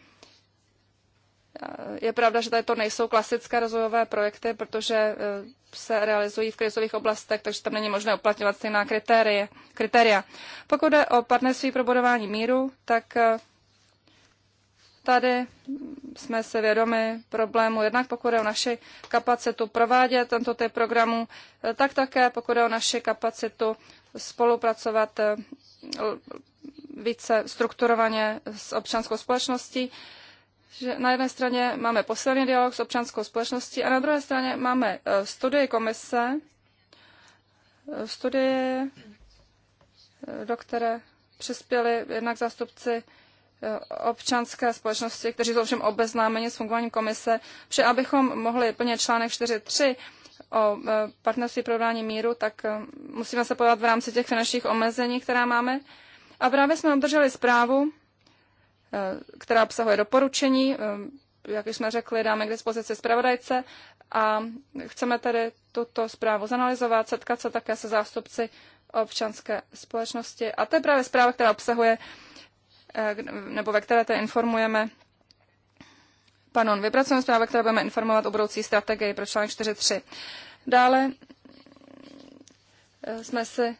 Speaker 3: Je pravda, že tady to nejsou klasické rozvojové projekty, protože eh, se realizují v krizových oblastech, takže tam není možné uplatňovat stejná kritérie, kritéria. Pokud jde o partnerství pro budování míru, tak eh, tady jsme se vědomi problému jednak pokud je o naši kapacitu provádět tento typ programů, eh, tak také pokud je o naši kapacitu spolupracovat více strukturovaně s občanskou společností že na jedné straně máme posilný dialog s občanskou společností a na druhé straně máme e, studie komise, e, studie do které přispěli jednak zástupci e, občanské společnosti, kteří jsou všem obeznámeni s fungováním komise, že abychom mohli plnit článek 4.3 o partnerství pro dání míru, tak musíme se podívat v rámci těch finančních omezení, která máme. A právě jsme obdrželi zprávu Eh, která obsahuje doporučení, eh, jak jsme řekli, dáme k dispozici zpravodajce a chceme tedy tuto zprávu zanalizovat, setkat se také se zástupci občanské společnosti. A to je právě zpráva, která obsahuje, eh, nebo ve které te informujeme, pardon, vypracujeme zprávu, která budeme informovat o budoucí strategii pro článek 4.3. Dále jsme si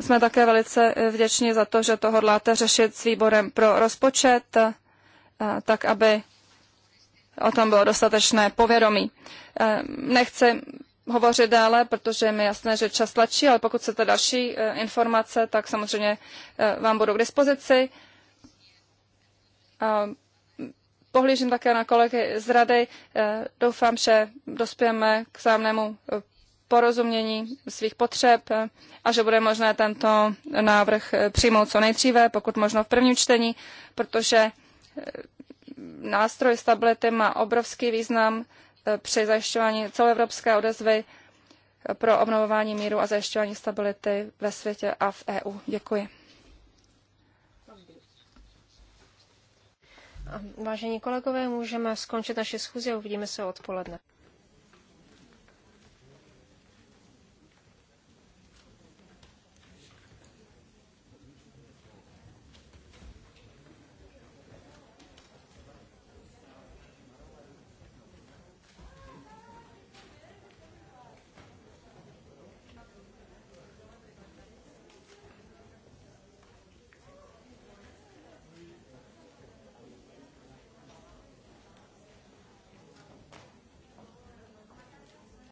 Speaker 3: jsme také velice eh, vděční za to, že to hodláte řešit s výborem pro rozpočet, eh, tak aby o tom bylo dostatečné povědomí. Eh, nechci hovořit dále, protože je mi jasné, že čas tlačí, ale pokud chcete další informace, tak samozřejmě vám budou k dispozici. Pohlížím také na kolegy z rady. Doufám, že dospějeme k zájemnému porozumění svých potřeb a že bude možné tento návrh přijmout co nejdříve, pokud možno v prvním čtení, protože eh, nástroj stability má obrovský význam eh, při zajišťování celoevropské odezvy eh, pro obnovování míru a zajišťování stability ve světě a v EU. Děkuji.
Speaker 2: Vážení kolegové, můžeme skončit naše schůzi a uvidíme se odpoledne.